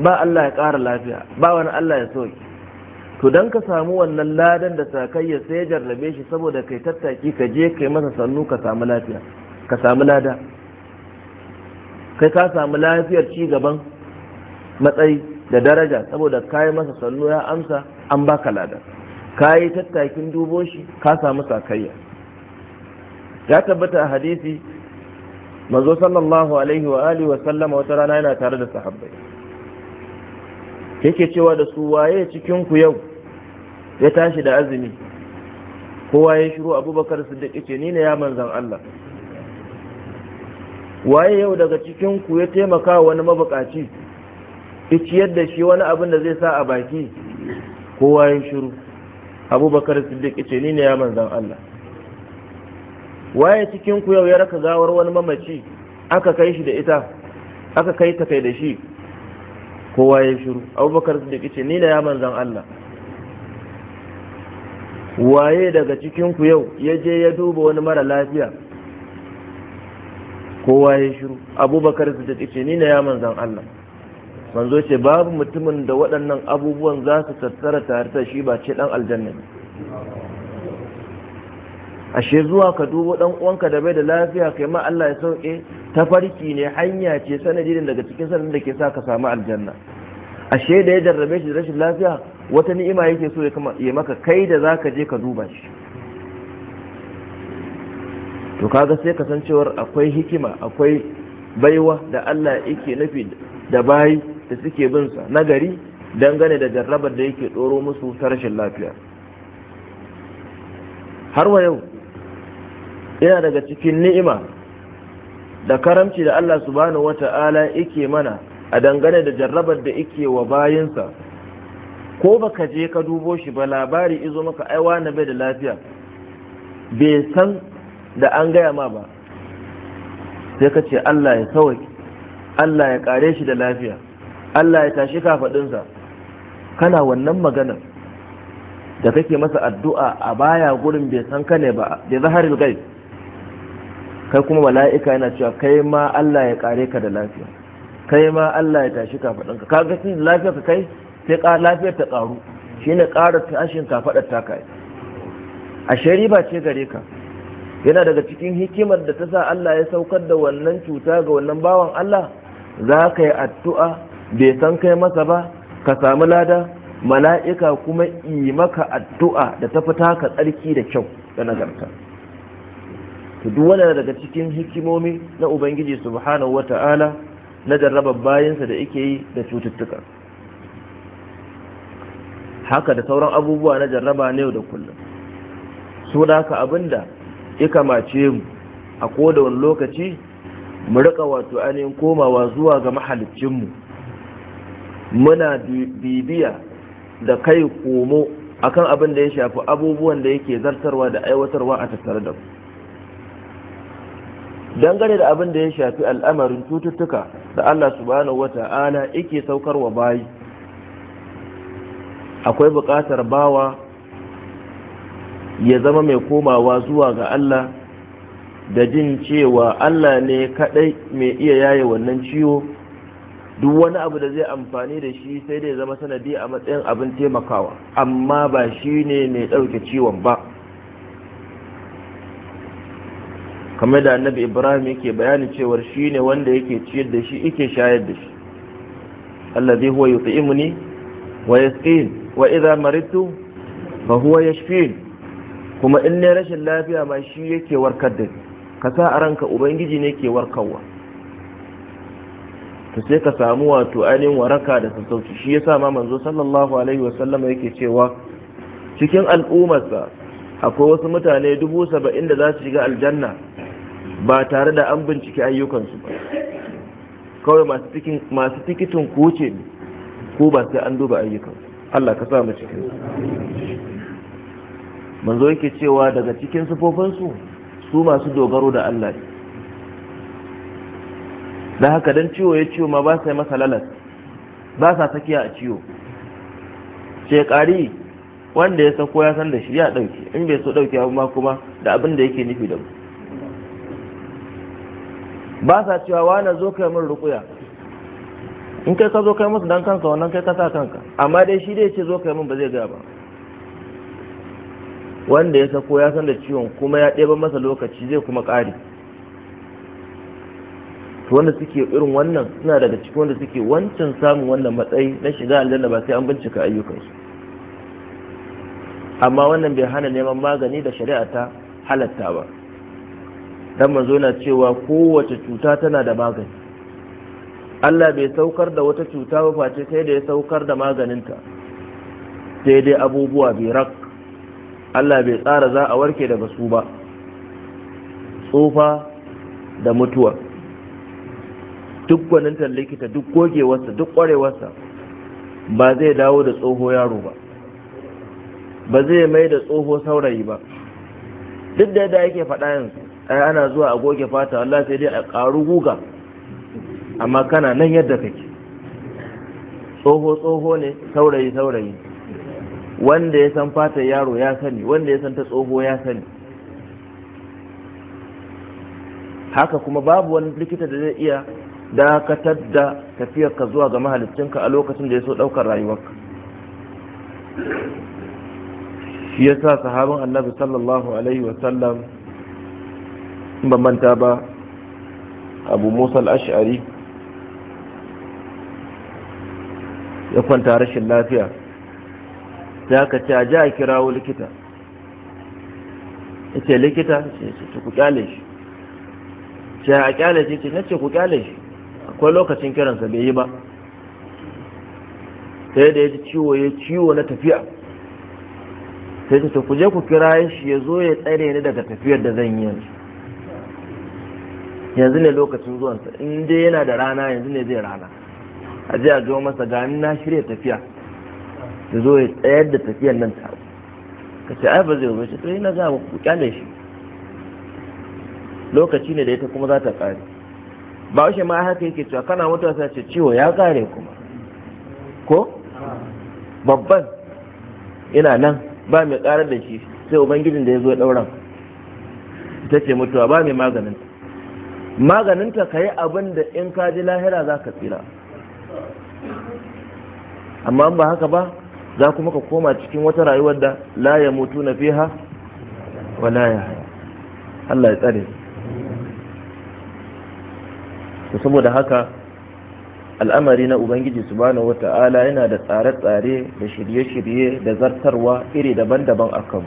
ba Allah ya ƙara lafiya ba wani Allah ya sauke to dan ka samu wannan ladan da sakayya sai ya jarrabe shi saboda kai tattaki ka je kai masa sannu ka samu lafiya ka samu lada kai ka samu lafiyar ci gaban matsayi da daraja saboda kayi masa sannu ya amsa an baka lada kai tattakin dubo shi ka samu sakayya ya tabbata a hadisi manzo sallallahu alaihi wa alihi wa sallama wata rana yana tare da sahabbai yake cewa da su waye cikin ku yau ya tashi da azumi kowa ya shiru abubakar siddiq ce ni ne ya manzan Allah waye yau daga cikin ku ya taimaka wani mabukaci ciyar da shi wani abin da zai sa a baki kowa ya shiru abubakar siddiq ce ni ne ya manzan Allah waye cikin ku yau ya raka gawar wani mamaci aka kai shi da ita aka kai ta kai da shi kowa ya shiru abubakar siddiq ce ni ne ya manzan Allah waye daga cikinku yau ya je ya duba wani mara lafiya kowa ya shiru abubakar siddiq ce ni ne ya manzan Allah manzo ce babu mutumin da waɗannan abubuwan za su tattara tare da shi ba ce dan aljanna ashe zuwa ka dubo ɗan uwanka da bai da lafiya kai ma Allah ya sauke ta farki ne hanya ce sanadin daga cikin sanadin da ke sa ka samu aljanna ashe da ya jarrabe shi da rashin lafiya wata ni'ima yake so ya maka kai da za ka je ka duba shi to kaga sai kasancewar akwai hikima akwai baiwa da Allah yake nufi da bayi da suke bin sa nagari dangane da jarrabar da yake ɗoro musu ta rashin lafiya har wa yau yana daga cikin ni'ima da karamci da Allah subhanahu wata'ala yake mana a dangane da jarrabar da yake wa bayinsa ko baka je ka dubo shi ba labari izo maka aiwa na bai da lafiya bai san da an gaya ma ba sai ka ce Allah ya sauki Allah ya kare shi da lafiya Allah ya tashi kafaɗinsa kana wannan magana da kake masa addu'a a baya gurin bai san ka ne ba da zaharil gai kai kuma mala'ika yana cewa kai ma Allah ya kare ka da lafiya kai ma Allah ya tashi kafaɗinka ka ga lafiya ka kai sai ka lafiyar ta karu shine ƙara tashin kafaɗar ta kai a Sheriba ce gare ka yana daga cikin hikimar da ta sa Allah ya saukar da wannan cuta ga wannan bawan Allah za ka yi addu'a bai san kai masa ba ka samu lada mala'ika kuma yi maka addu'a da ta fita ka tsarki da kyau da nagarta to duk daga cikin hikimomi na ubangiji subhanahu wata'ala na jarrabar bayansa da yake yi da cututtuka haka da sauran abubuwa na jarraba na yau da kullum su da haka abinda ya kamace mu a koda wani lokaci mu rika wato ainihin komawa zuwa ga mahalicinmu muna bibiya da kai komo akan abin da ya shafi abubuwan da yake zartarwa da aiwatarwa a tattare da ku dangane da abin da ya shafi al'amarin cututtuka da Allah subhanahu wata'ala yake saukarwa bayi akwai buƙatar bawa ya zama mai komawa zuwa ga Allah da jin cewa Allah ne kadai mai iya yaye wannan ciwo duk wani abu da zai amfani da shi sai dai zama sanadi a matsayin abin taimakawa amma ba shi ne mai ɗauke ciwon ba kamar da annabi ibrahim yake bayani cewar shi ne wanda yake ciyar da shi yake shayar da shi allazi huwa yut'imuni wa yasqin wa idza maridtu fa huwa yashfin kuma in ne rashin lafiya ma shi yake warkar da ka sa a ranka ubangiji ne ke warkarwa to sai ka samu wato ainihin waraka da sassauci shi yasa ma manzo sallallahu alaihi wasallam yake cewa cikin al'ummarsa akwai wasu mutane dubu saba'in da za su shiga aljanna ba tare da an bincike ayyukansu ba kawai masu tikitin kuce ko ba sai an duba ayyukan Allah ka sa mu cikin manzo yake cewa daga cikin sufofinsu su masu dogaro da Allah da haka dan ciwo ya ciwo ma ba sai masa lalas ba sa sakiya a ciwo shekari wanda ya sako ya san da shi ya dauke in bai so dauke abu ma kuma da abin da yake nufi da mu ba sa cewa wani zo kai min rukuya in kai ka zo kai musu dan kanka wannan kai ka sa kanka amma dai shi dai ce zo kai mun ba zai gaya ba wanda ya sako ya san da ciwon kuma ya ɗeba masa lokaci zai kuma ƙari to wanda suke irin wannan suna daga cikin wanda suke wancan samun wannan matsayi na shiga aljanna ba sai an bincika ayyukansu amma wannan bai hana neman magani da shari'a ta halatta ba dan manzo na cewa kowace cuta tana da magani Allah bai saukar da wata cuta ba face sai da ya saukar da maganinta sai dai abubuwa birak Allah bai tsara za a warke daga su ba tsufa da mutuwa duk likita duk gogewarsa duk kwarewarsa ba zai dawo da tsoho yaro ba ba zai mai da tsoho saurayi ba duk da yadda yake faɗa yanzu ana zuwa a goge fata Allah sai dai a ƙaru guga amma kana nan yadda kake tsoho tsoho ne saurayi saurayi wanda ya san fata yaro ya sani wanda ya san ta tsoho ya sani haka kuma babu wani likita da zai iya dakatar da tafiyarka zuwa ga mahalicinka a lokacin da ya so ɗaukar rayuwarka shi ya sa sahabin annabi sallallahu alaihi wasallam ba manta ba abu musa al-ash'ari ya kwanta rashin lafiya ta ka ce a ji a kirawo likita ya ce likita ce ku kyale shi ce a kyale shi ce na ce ku kyale shi akwai lokacin kiransa bai yi ba sai da ya ji ciwo ya ciwo na tafiya sai ce ku je ku kira shi ya zo ya tsare ni daga tafiyar da zan yi yanzu yanzu ne lokacin zuwansa in dai yana da rana yanzu ne zai rana a ji a zo masa gani na shirya tafiya da zo ya tsayar da tafiyan nan ta ka ce ai ba zai wuce to na za ku kyale shi lokaci ne da ita kuma za ta kare ba wuce ma haka yake cewa kana mutuwa sai ce ciwo ya kare kuma ko babban ina nan ba mai karar da shi sai ubangijin da ya zo ya dauran ita ce mutuwa ba mai Maganin maganinta ka yi abin da in ka ji lahira za ka tsira amma ba haka ba za kuma ka koma cikin wata rayuwar da la ya mutu na ha wa la ya Allah ya tsare to saboda haka al'amari na ubangiji su wata ala yana da tsare-tsare da shirye-shirye da zartarwa iri daban-daban a kan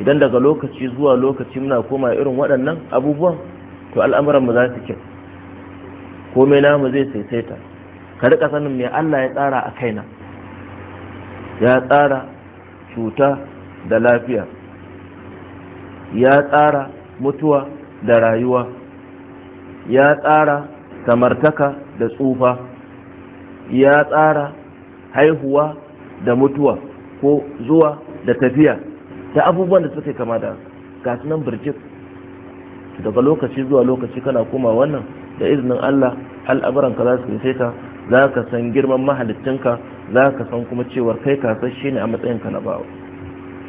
idan daga lokaci zuwa lokaci muna koma irin waɗannan abubuwan to al'amuranmu za su kyau komai namu zai saita ka rika sanin me Allah ya tsara a kaina ya tsara cuta da lafiya ya tsara mutuwa da rayuwa ya tsara samartaka da tsufa ya tsara haihuwa da mutuwa ko zuwa da tafiya ta abubuwan da yi kama da gasu nan birjik daga lokaci zuwa lokaci kana koma wannan da izinin Allah al'amuran ka za su sai ka za ka san girman mahalittinka za ka san kuma cewar kai shi ne a matsayinka na bawa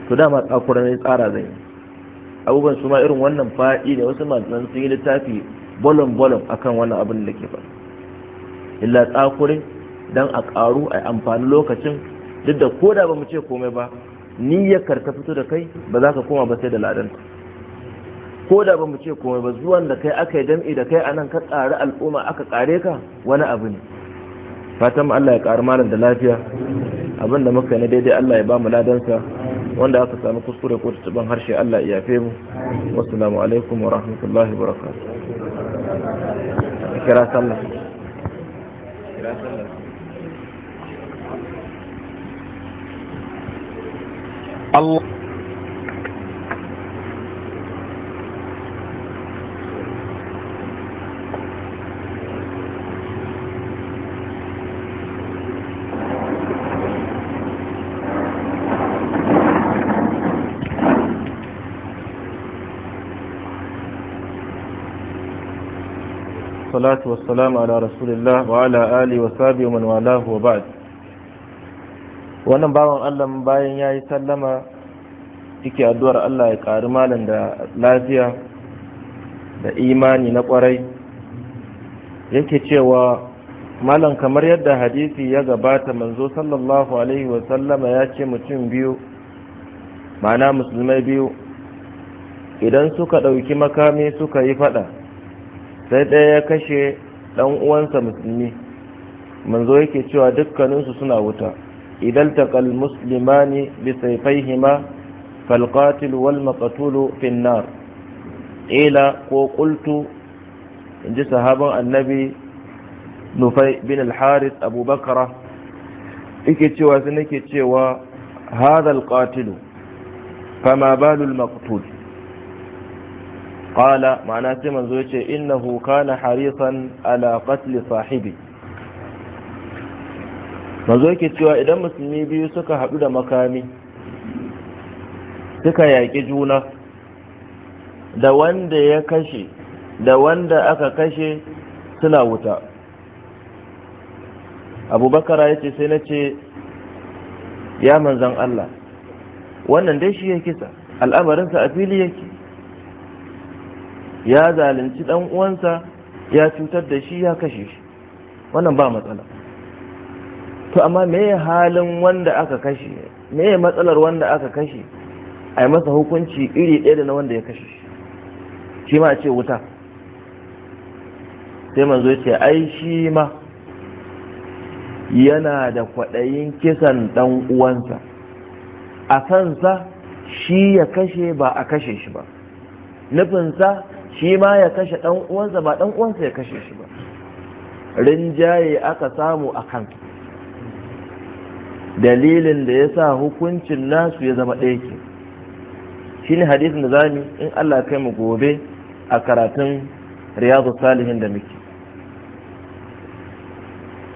to dama tsakura ne tsara zai abubuwan su ma irin wannan faɗi da wasu malaman sun yi littafi bolon bolon akan wannan abin da ke ba illa tsakurin dan a ƙaru a amfani lokacin duk da ko da ba ce komai ba niyyar ta fito da kai ba za ka koma ba sai da ladanta ko da ba ce komai ba zuwan da kai aka yi dam'i da kai a nan ka tsari al'umma aka tsare ka wani abu ne fatan mu Allah ya ƙara malam da lafiya abin da muka yi na daidai Allah ya ba mu ladansa wanda aka samu kuskure ko tuban harshe Allah ya yafe mu wassalamu alaikum wa rahmatullahi wa barakatuh kira kira sallah Allah salatu wassalamu ala rasulillah wa ala ali wa sabi wa walahu wa ba'd wannan bawan Allah bayan ya yi sallama yake addu'ar Allah ya ƙari malam da lafiya da imani na ƙwarai yake cewa malam kamar yadda hadisi ya gabata manzo sallallahu alaihi wa sallama ya ce mutum biyu ma'ana musulmai biyu idan suka ɗauki makami suka yi faɗa sai ɗaya ya kashe ɗan uwansa musulmi manzo yake cewa dukkaninsu suna wuta idan taqal muslimani bi sayfayhima fal qatil wal maqtul fi nar ila ko qultu inji sahaban annabi nufai bin al harith abubakara yake cewa sai nake cewa hadha al qatil fama balu al maqtul qala ma'ana sai manzo yace innahu kana harisan ala qatl sahibi manzo yake cewa idan musulmi biyu suka haɗu da makami suka yaƙi juna da wanda ya kashe da wanda aka kashe suna wuta abubakar ya ce sai na ce ya manzan Allah wannan dai shi ya kisa al'amarinsa a fili yake ya zalunci dan uwansa ya cutar da shi ya kashe shi wannan ba matsala to amma me halin wanda aka kashe me matsalar wanda aka kashe a yi masa hukunci iri ɗaya da na wanda ya kashe shi shi ma ce wuta sai manzo ce ai shi ma yana da kwaɗayin kisan ɗan uwansa a kansa shi ya kashe ba a kashe shi ba nufinsa shi ma ya kashe ɗan uwansa ba ɗan uwansa ya kashe shi ba rinjaye aka samu a kan dalilin da ya sa hukuncin nasu ya zama ɗaya ke shi ne hadisin da za mu in Allah kai mu gobe a karatun Riyazu salihin da muke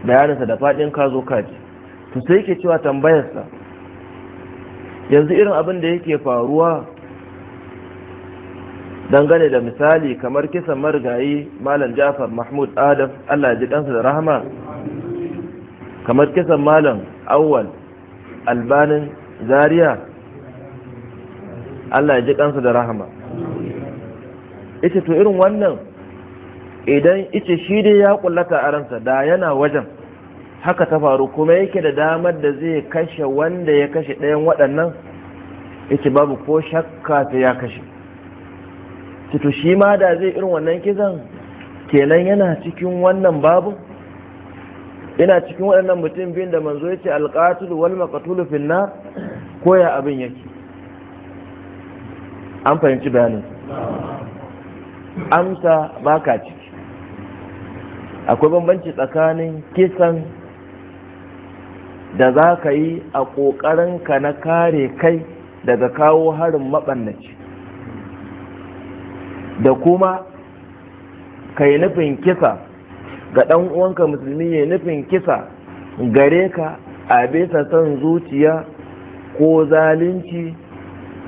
bayaninsa da faɗin ka zo kaji to sai ke cewa tambayarsa yanzu irin abin da yake faruwa dangane da misali kamar kisan marigayi malam jafar mahmud adam allah ji ɗansa da rahama kamar kisan malam awwal albanin zaria allah ji ɗansa da rahama ita to irin wannan idan ita shi dai ya kullata a ransa da yana wajen haka ta faru kuma yake da damar da zai kashe wanda ya kashe ɗayan waɗannan ita babu ko shakka ta ya kashe to shi ma da zai irin wannan kisan kenan yana cikin wannan babu yana cikin waɗannan mutum biyun da manzo ya ce alƙatulu wal maqtulu fil nar koya abin yake an fahimci bayanin amsa baka ciki akwai bambanci tsakanin kisan da za ka yi a ƙoƙarinka na kare kai daga kawo harin maɓannaci da kuma ka yi nufin kisa ga ɗan uwanka musulmi ya yi nufin kisa gare ka a bisa son zuciya ko zalunci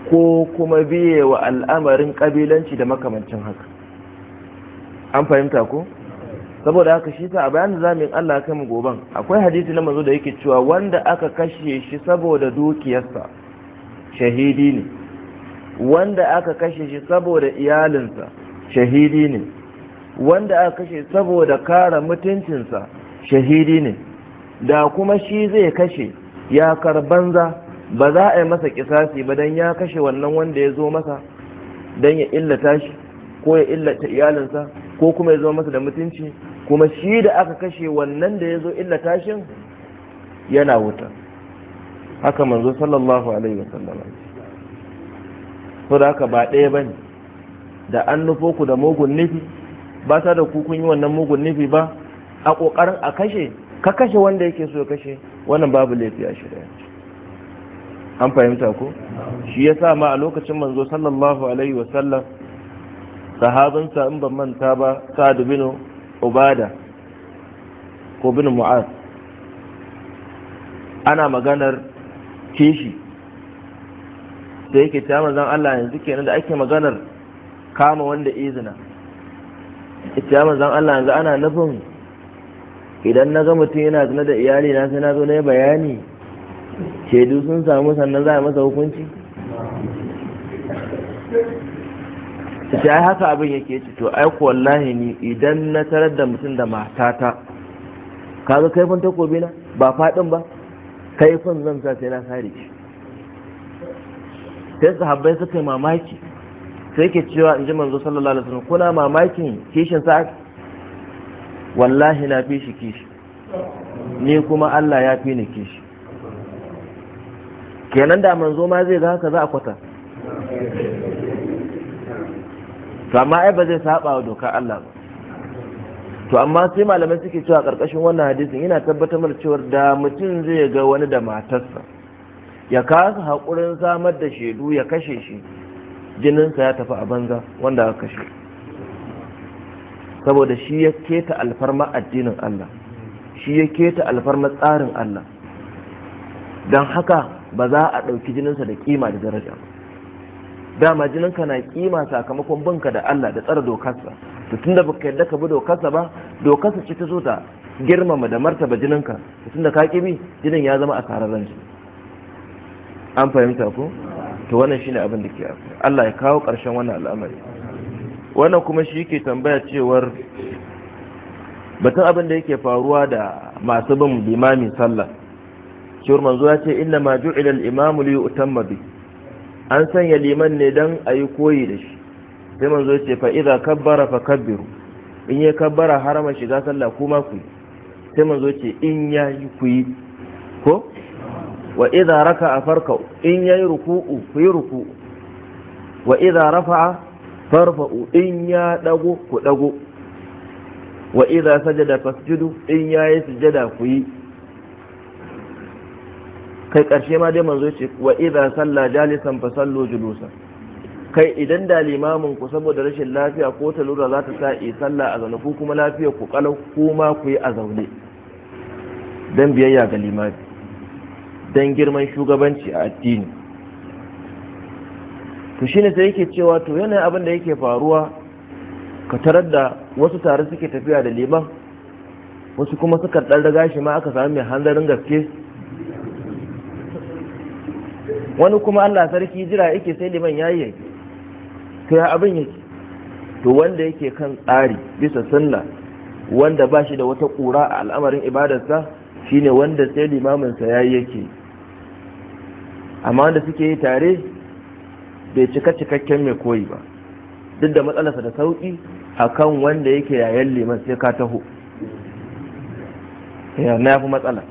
ko kuma biye wa al'amarin ƙabilanci da makamancin haka an fahimta ko saboda haka shi ta a bayanin zamin Allah kai mu goban akwai hadisi na mazo da yake cewa wanda aka kashe shi saboda dukiyarsa shahidi ne wanda aka kashe shi saboda iyalinsa shahidi ne wanda aka kashe saboda kare mutuncinsa shahidi ne da kuma shi zai kashe ya karbanza ba za a yi masa kisasi ba don ya kashe wannan wanda ya zo masa don ya illata shi ko ya illata iyalinsa ko kuma ya zo masa da mutunci kuma shi da aka kashe wannan da ya zo illata shi yana wuta haka manzo sallallahu alaihi wasallam to da haka ba ɗaya bane da an nufo ku da mugun nufi ba ta da ku kun yi wannan mugun nufi ba a ƙoƙarin a kashe ka kashe wanda yake so ya kashe wannan babu laifi a shirya an fahimta ko shi ya sa ma a lokacin manzo sallallahu alaihi wasallam sahabinsa in ban manta ba sa'ad bin Obada ko bin mu'az ana maganar kishi da yake ta manzan Allah yanzu kenan da ake maganar kama wanda izina ita manzan Allah yanzu ana nufin idan na ga mutum yana zina da iyali na sai na zo na yi bayani shaidu sun samu sannan za a masa hukunci ta ai haka abin yake ce to ai wallahi ni idan na tarar da mutum da matata kaga kaifin takobi na ba faɗin ba kaifin zan sa sai na sare shi sai sahabbai suka yi mamaki sai ke cewa in ji manzo sallallahu alaihi wasallam kuna mamakin kishin sa wallahi na fi shi kishi ni kuma Allah ya fi ni kishi kenan da manzo ma zai ga haka za a kwata to amma ai ba zai saba wa dokar Allah ba to amma sai malamai suke cewa karkashin wannan hadisin yana tabbatar cewa da mutum zai ga wani da matarsa ya kasa haƙurin samar da shaidu ya kashe shi jininsa ya tafi a banza wanda aka kashe saboda shi ya keta alfarma addinin Allah shi ya keta alfarma tsarin Allah don haka ba za a ɗauki jininsa da kima da daraja dama jininka na kima sakamakon binka da Allah da tsara dokarsa to tunda baka yadda ka bi dokarsa ba dokarsa ce ta zo ta girmama da martaba jininka tunda ka ƙi jinin ya zama a kararren jini an fahimta ko to wannan shine abin da ke akwai Allah ya kawo ƙarshen wannan al'amari wannan kuma shi yake tambaya cewar batun abin da yake faruwa da masu bin limamin sallah cewar manzo ya ce inna ma ju'ila al-imamu li yutamma bi an sanya liman ne dan ayi koyi da shi sai manzo ya ce fa idza kabbara fa kabbiru in ya kabbara harama shiga sallah kuma ku sai manzo ce in ya yi ku ko wa idza raka'a farka in yayi ruku'u ku yi ruku'u wa idza rafa'a farfa'u in ya dago ku dago wa idza sajada fasjudu in yayi sujada ku yi kai karshe ma dai manzo ce wa idza salla jalisan fa sallu julusa kai idan da limamin ku saboda rashin lafiya ko ta lura za ta sa yi sallah a zaune ku kuma lafiya ku kalau kuma ku yi a zaune dan biyayya ga limami don girman shugabanci a addini to shine sai yake cewa to yanayin abin da yake faruwa ka tarar da wasu tare suke tafiya da liman wasu kuma suka ɗan riga shi ma aka sami mai hanzarin gaske wani kuma allah sarki jira yake sai liman yayi yake to ya abin yake to wanda yake kan tsari bisa sunna wanda ba shi da wata ƙura a al'amarin ibadarsa shine wanda sai limaminsa yayi yake amma wanda suke yi tare bai cika cikakken mai koyi ba duk da matsalarsa da sauƙi akan wanda yake yayan liman sai ka taho na ya matsala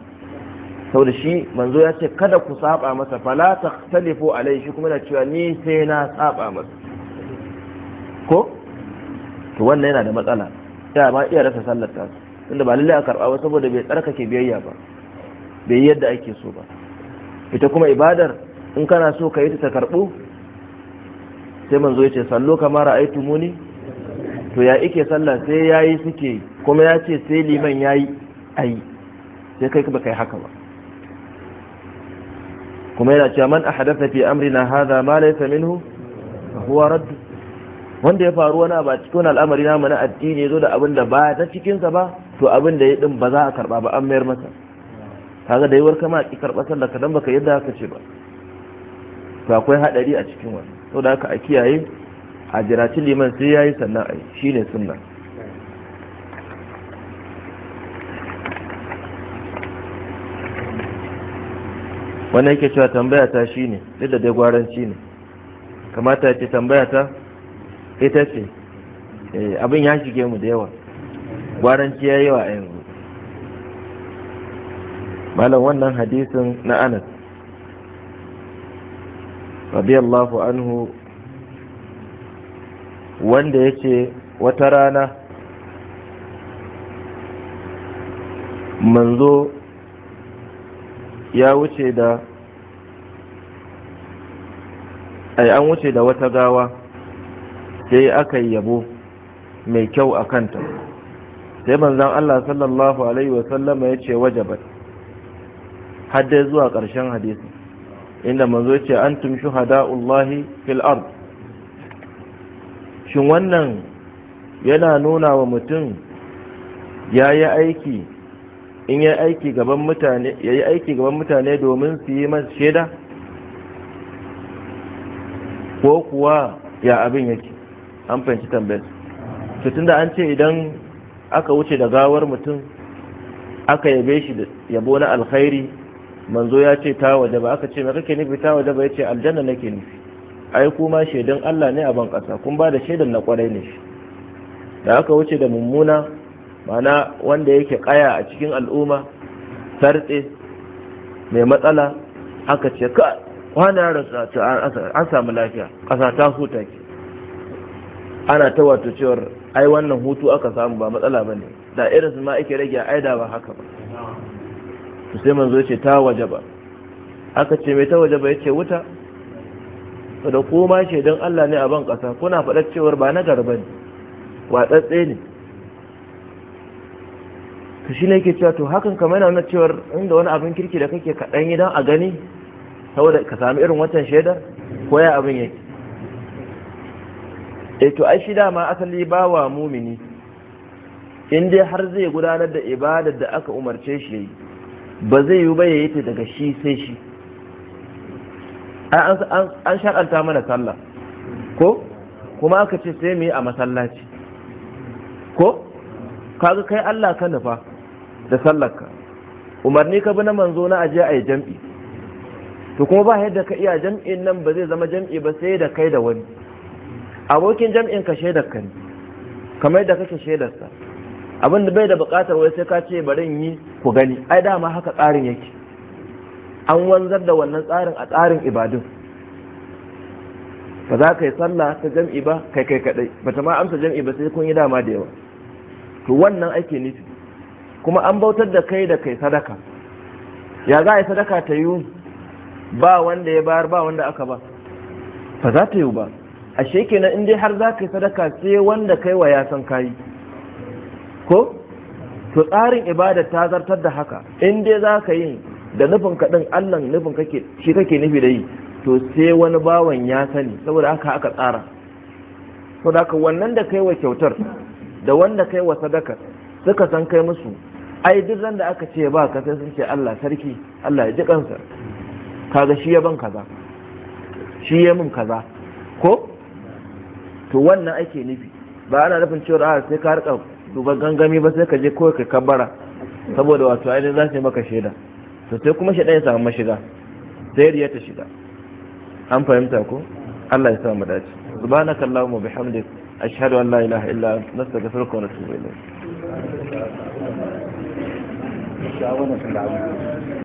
sau da shi manzo ya ce kada ku saba masa fala ta talifo alai shi kuma na cewa ni sai na saba masa ko to wannan yana da matsala ya ma iya rasa sallar ta inda ba lallai a karba ba saboda bai tsarkake biyayya ba bai yadda ake so ba ita kuma ibadar in kana so ka yi ta karɓo sai manzo ya ce sallo kamar ra'aitu muni to ya ike sallah sai yayi suke kuma ya ce sai liman yayi ayi sai kai ba kai haka ba kuma yana cewa man ahdatha fi amrina hadha ma laysa minhu huwa radd wanda ya faru wani ba cikin al'amari na mana addini ya zo da abin da ba ta cikin sa ba to abin da ya din ba za a karba ba an mayar masa kaga da yawar kama ki karba sallah kadan baka yadda haka ce ba to akwai hadari a cikin wani to da haka a kiyaye a jiraci liman sai yayi sannan ai shine sunna wannan yake cewa tambaya ta shine duk da dai gwaranci ne kamata ya ce tambaya ta ita ce eh, abin ya shige mu da yawa gwaranci ya yawa a yanzu malam wannan hadisin na anas radiyallahu anhu wanda ya ce wata rana manzo ya wuce da ai an wuce da wata gawa sai aka yi yabo mai kyau a kanta sai manzan Allah sallallahu Alaihi wasallama ya ce wajabat har dai zuwa ƙarshen hadisi inda manzo ce antum shuhada'ullahi fil ard shin wannan yana nuna wa mutum ya yi aiki in ya aiki gaban mutane ya yi aiki gaban mutane domin su yi masa shaida ko kuwa ya abin yake an fahimci tambayar to tunda an ce idan aka wuce da gawar mutum aka yabe shi yabo na alkhairi manzo ya ce ta waje ba aka ce me kake nufi ta waje ba ya ce aljanna nake nufi ai kuma shaidan Allah ne a ban ƙasa kun ba da shaidan na kwarai ne da aka wuce da mummuna mana wanda yake kaya a cikin al'umma sartse mai matsala aka ce ka kwana an samu lafiya kasa ta huta ke ana ta wato cewar ai wannan hutu aka samu ba matsala ba ne da su ma ake rage aida ba haka ba to sai manzo ce ta wajaba aka ce mai ta wajaba yace wuta da koma shaidan Allah ne a ban ƙasa kuna faɗar cewar ba na garba ne watsatse ne to shi ne ke cewa to hakan kamar yana nuna cewar inda wani abin kirki da kake kaɗan idan a gani saboda ka sami irin wancan shaidar ko ya abin yake e to ai shi dama asali ba wa mumini in dai har zai gudanar da ibadar da aka umarce shi yi ba zai yi ba ya yi ta daga shi sai shi an shakanta mana sallah ko kuma aka ce sai mu yi a masallaci ko kaga kai Allah ka nufa da sallarka umarni ka bi na manzo na aje a yi jam'i to kuma ba yadda ka iya jam'in nan ba zai zama jam'i ba sai da kai da wani abokin jam'in ka shaidar ka ne kamar yadda kake shaidarsa abin da bai da buƙatar wai sai ka ce bari yi ku gani ai dama haka tsarin yake an wanzar da wannan tsarin a tsarin ibadun ba za ka yi sallah ta jam'i ba kai kai kadai ba ta ma amsa jam'i ba sai kun yi dama da yawa to wannan ake nufi kuma an bautar da kai da kai sadaka ya za a yi sadaka ta yi ba wanda ya bayar ba wanda aka ba ba za ta yi ba ashe kenan in dai har za ka yi sadaka sai wanda kai wa ya san kayi ko to tsarin ibada ta zartar da haka in dai za ka yi da nufin kaɗin allah nufin shi kake nufi da yi to sai wani bawan ya sani saboda haka aka tsara to da haka wannan da kai wa kyautar da wanda kai wa sadakar suka san kai musu ai duk ran da aka ce ba ka sai sun ce allah sarki allah ya ji kansa kaga shi ya ban kaza shi ya min kaza ko to wannan ake nufi ba ana nufin cewa ah, sai ka harka to gangami ba sai ka je kawai ka kabara saboda wato ainihin za su yi maka shaida to sai kuma shaida ya samu mashiga sai riya ta shiga an fahimta ko Allah ya samu dace subhanaka allahumma bihamdik ashhadu an la ilaha illa anta nastaghfiruka wa natubu ilayk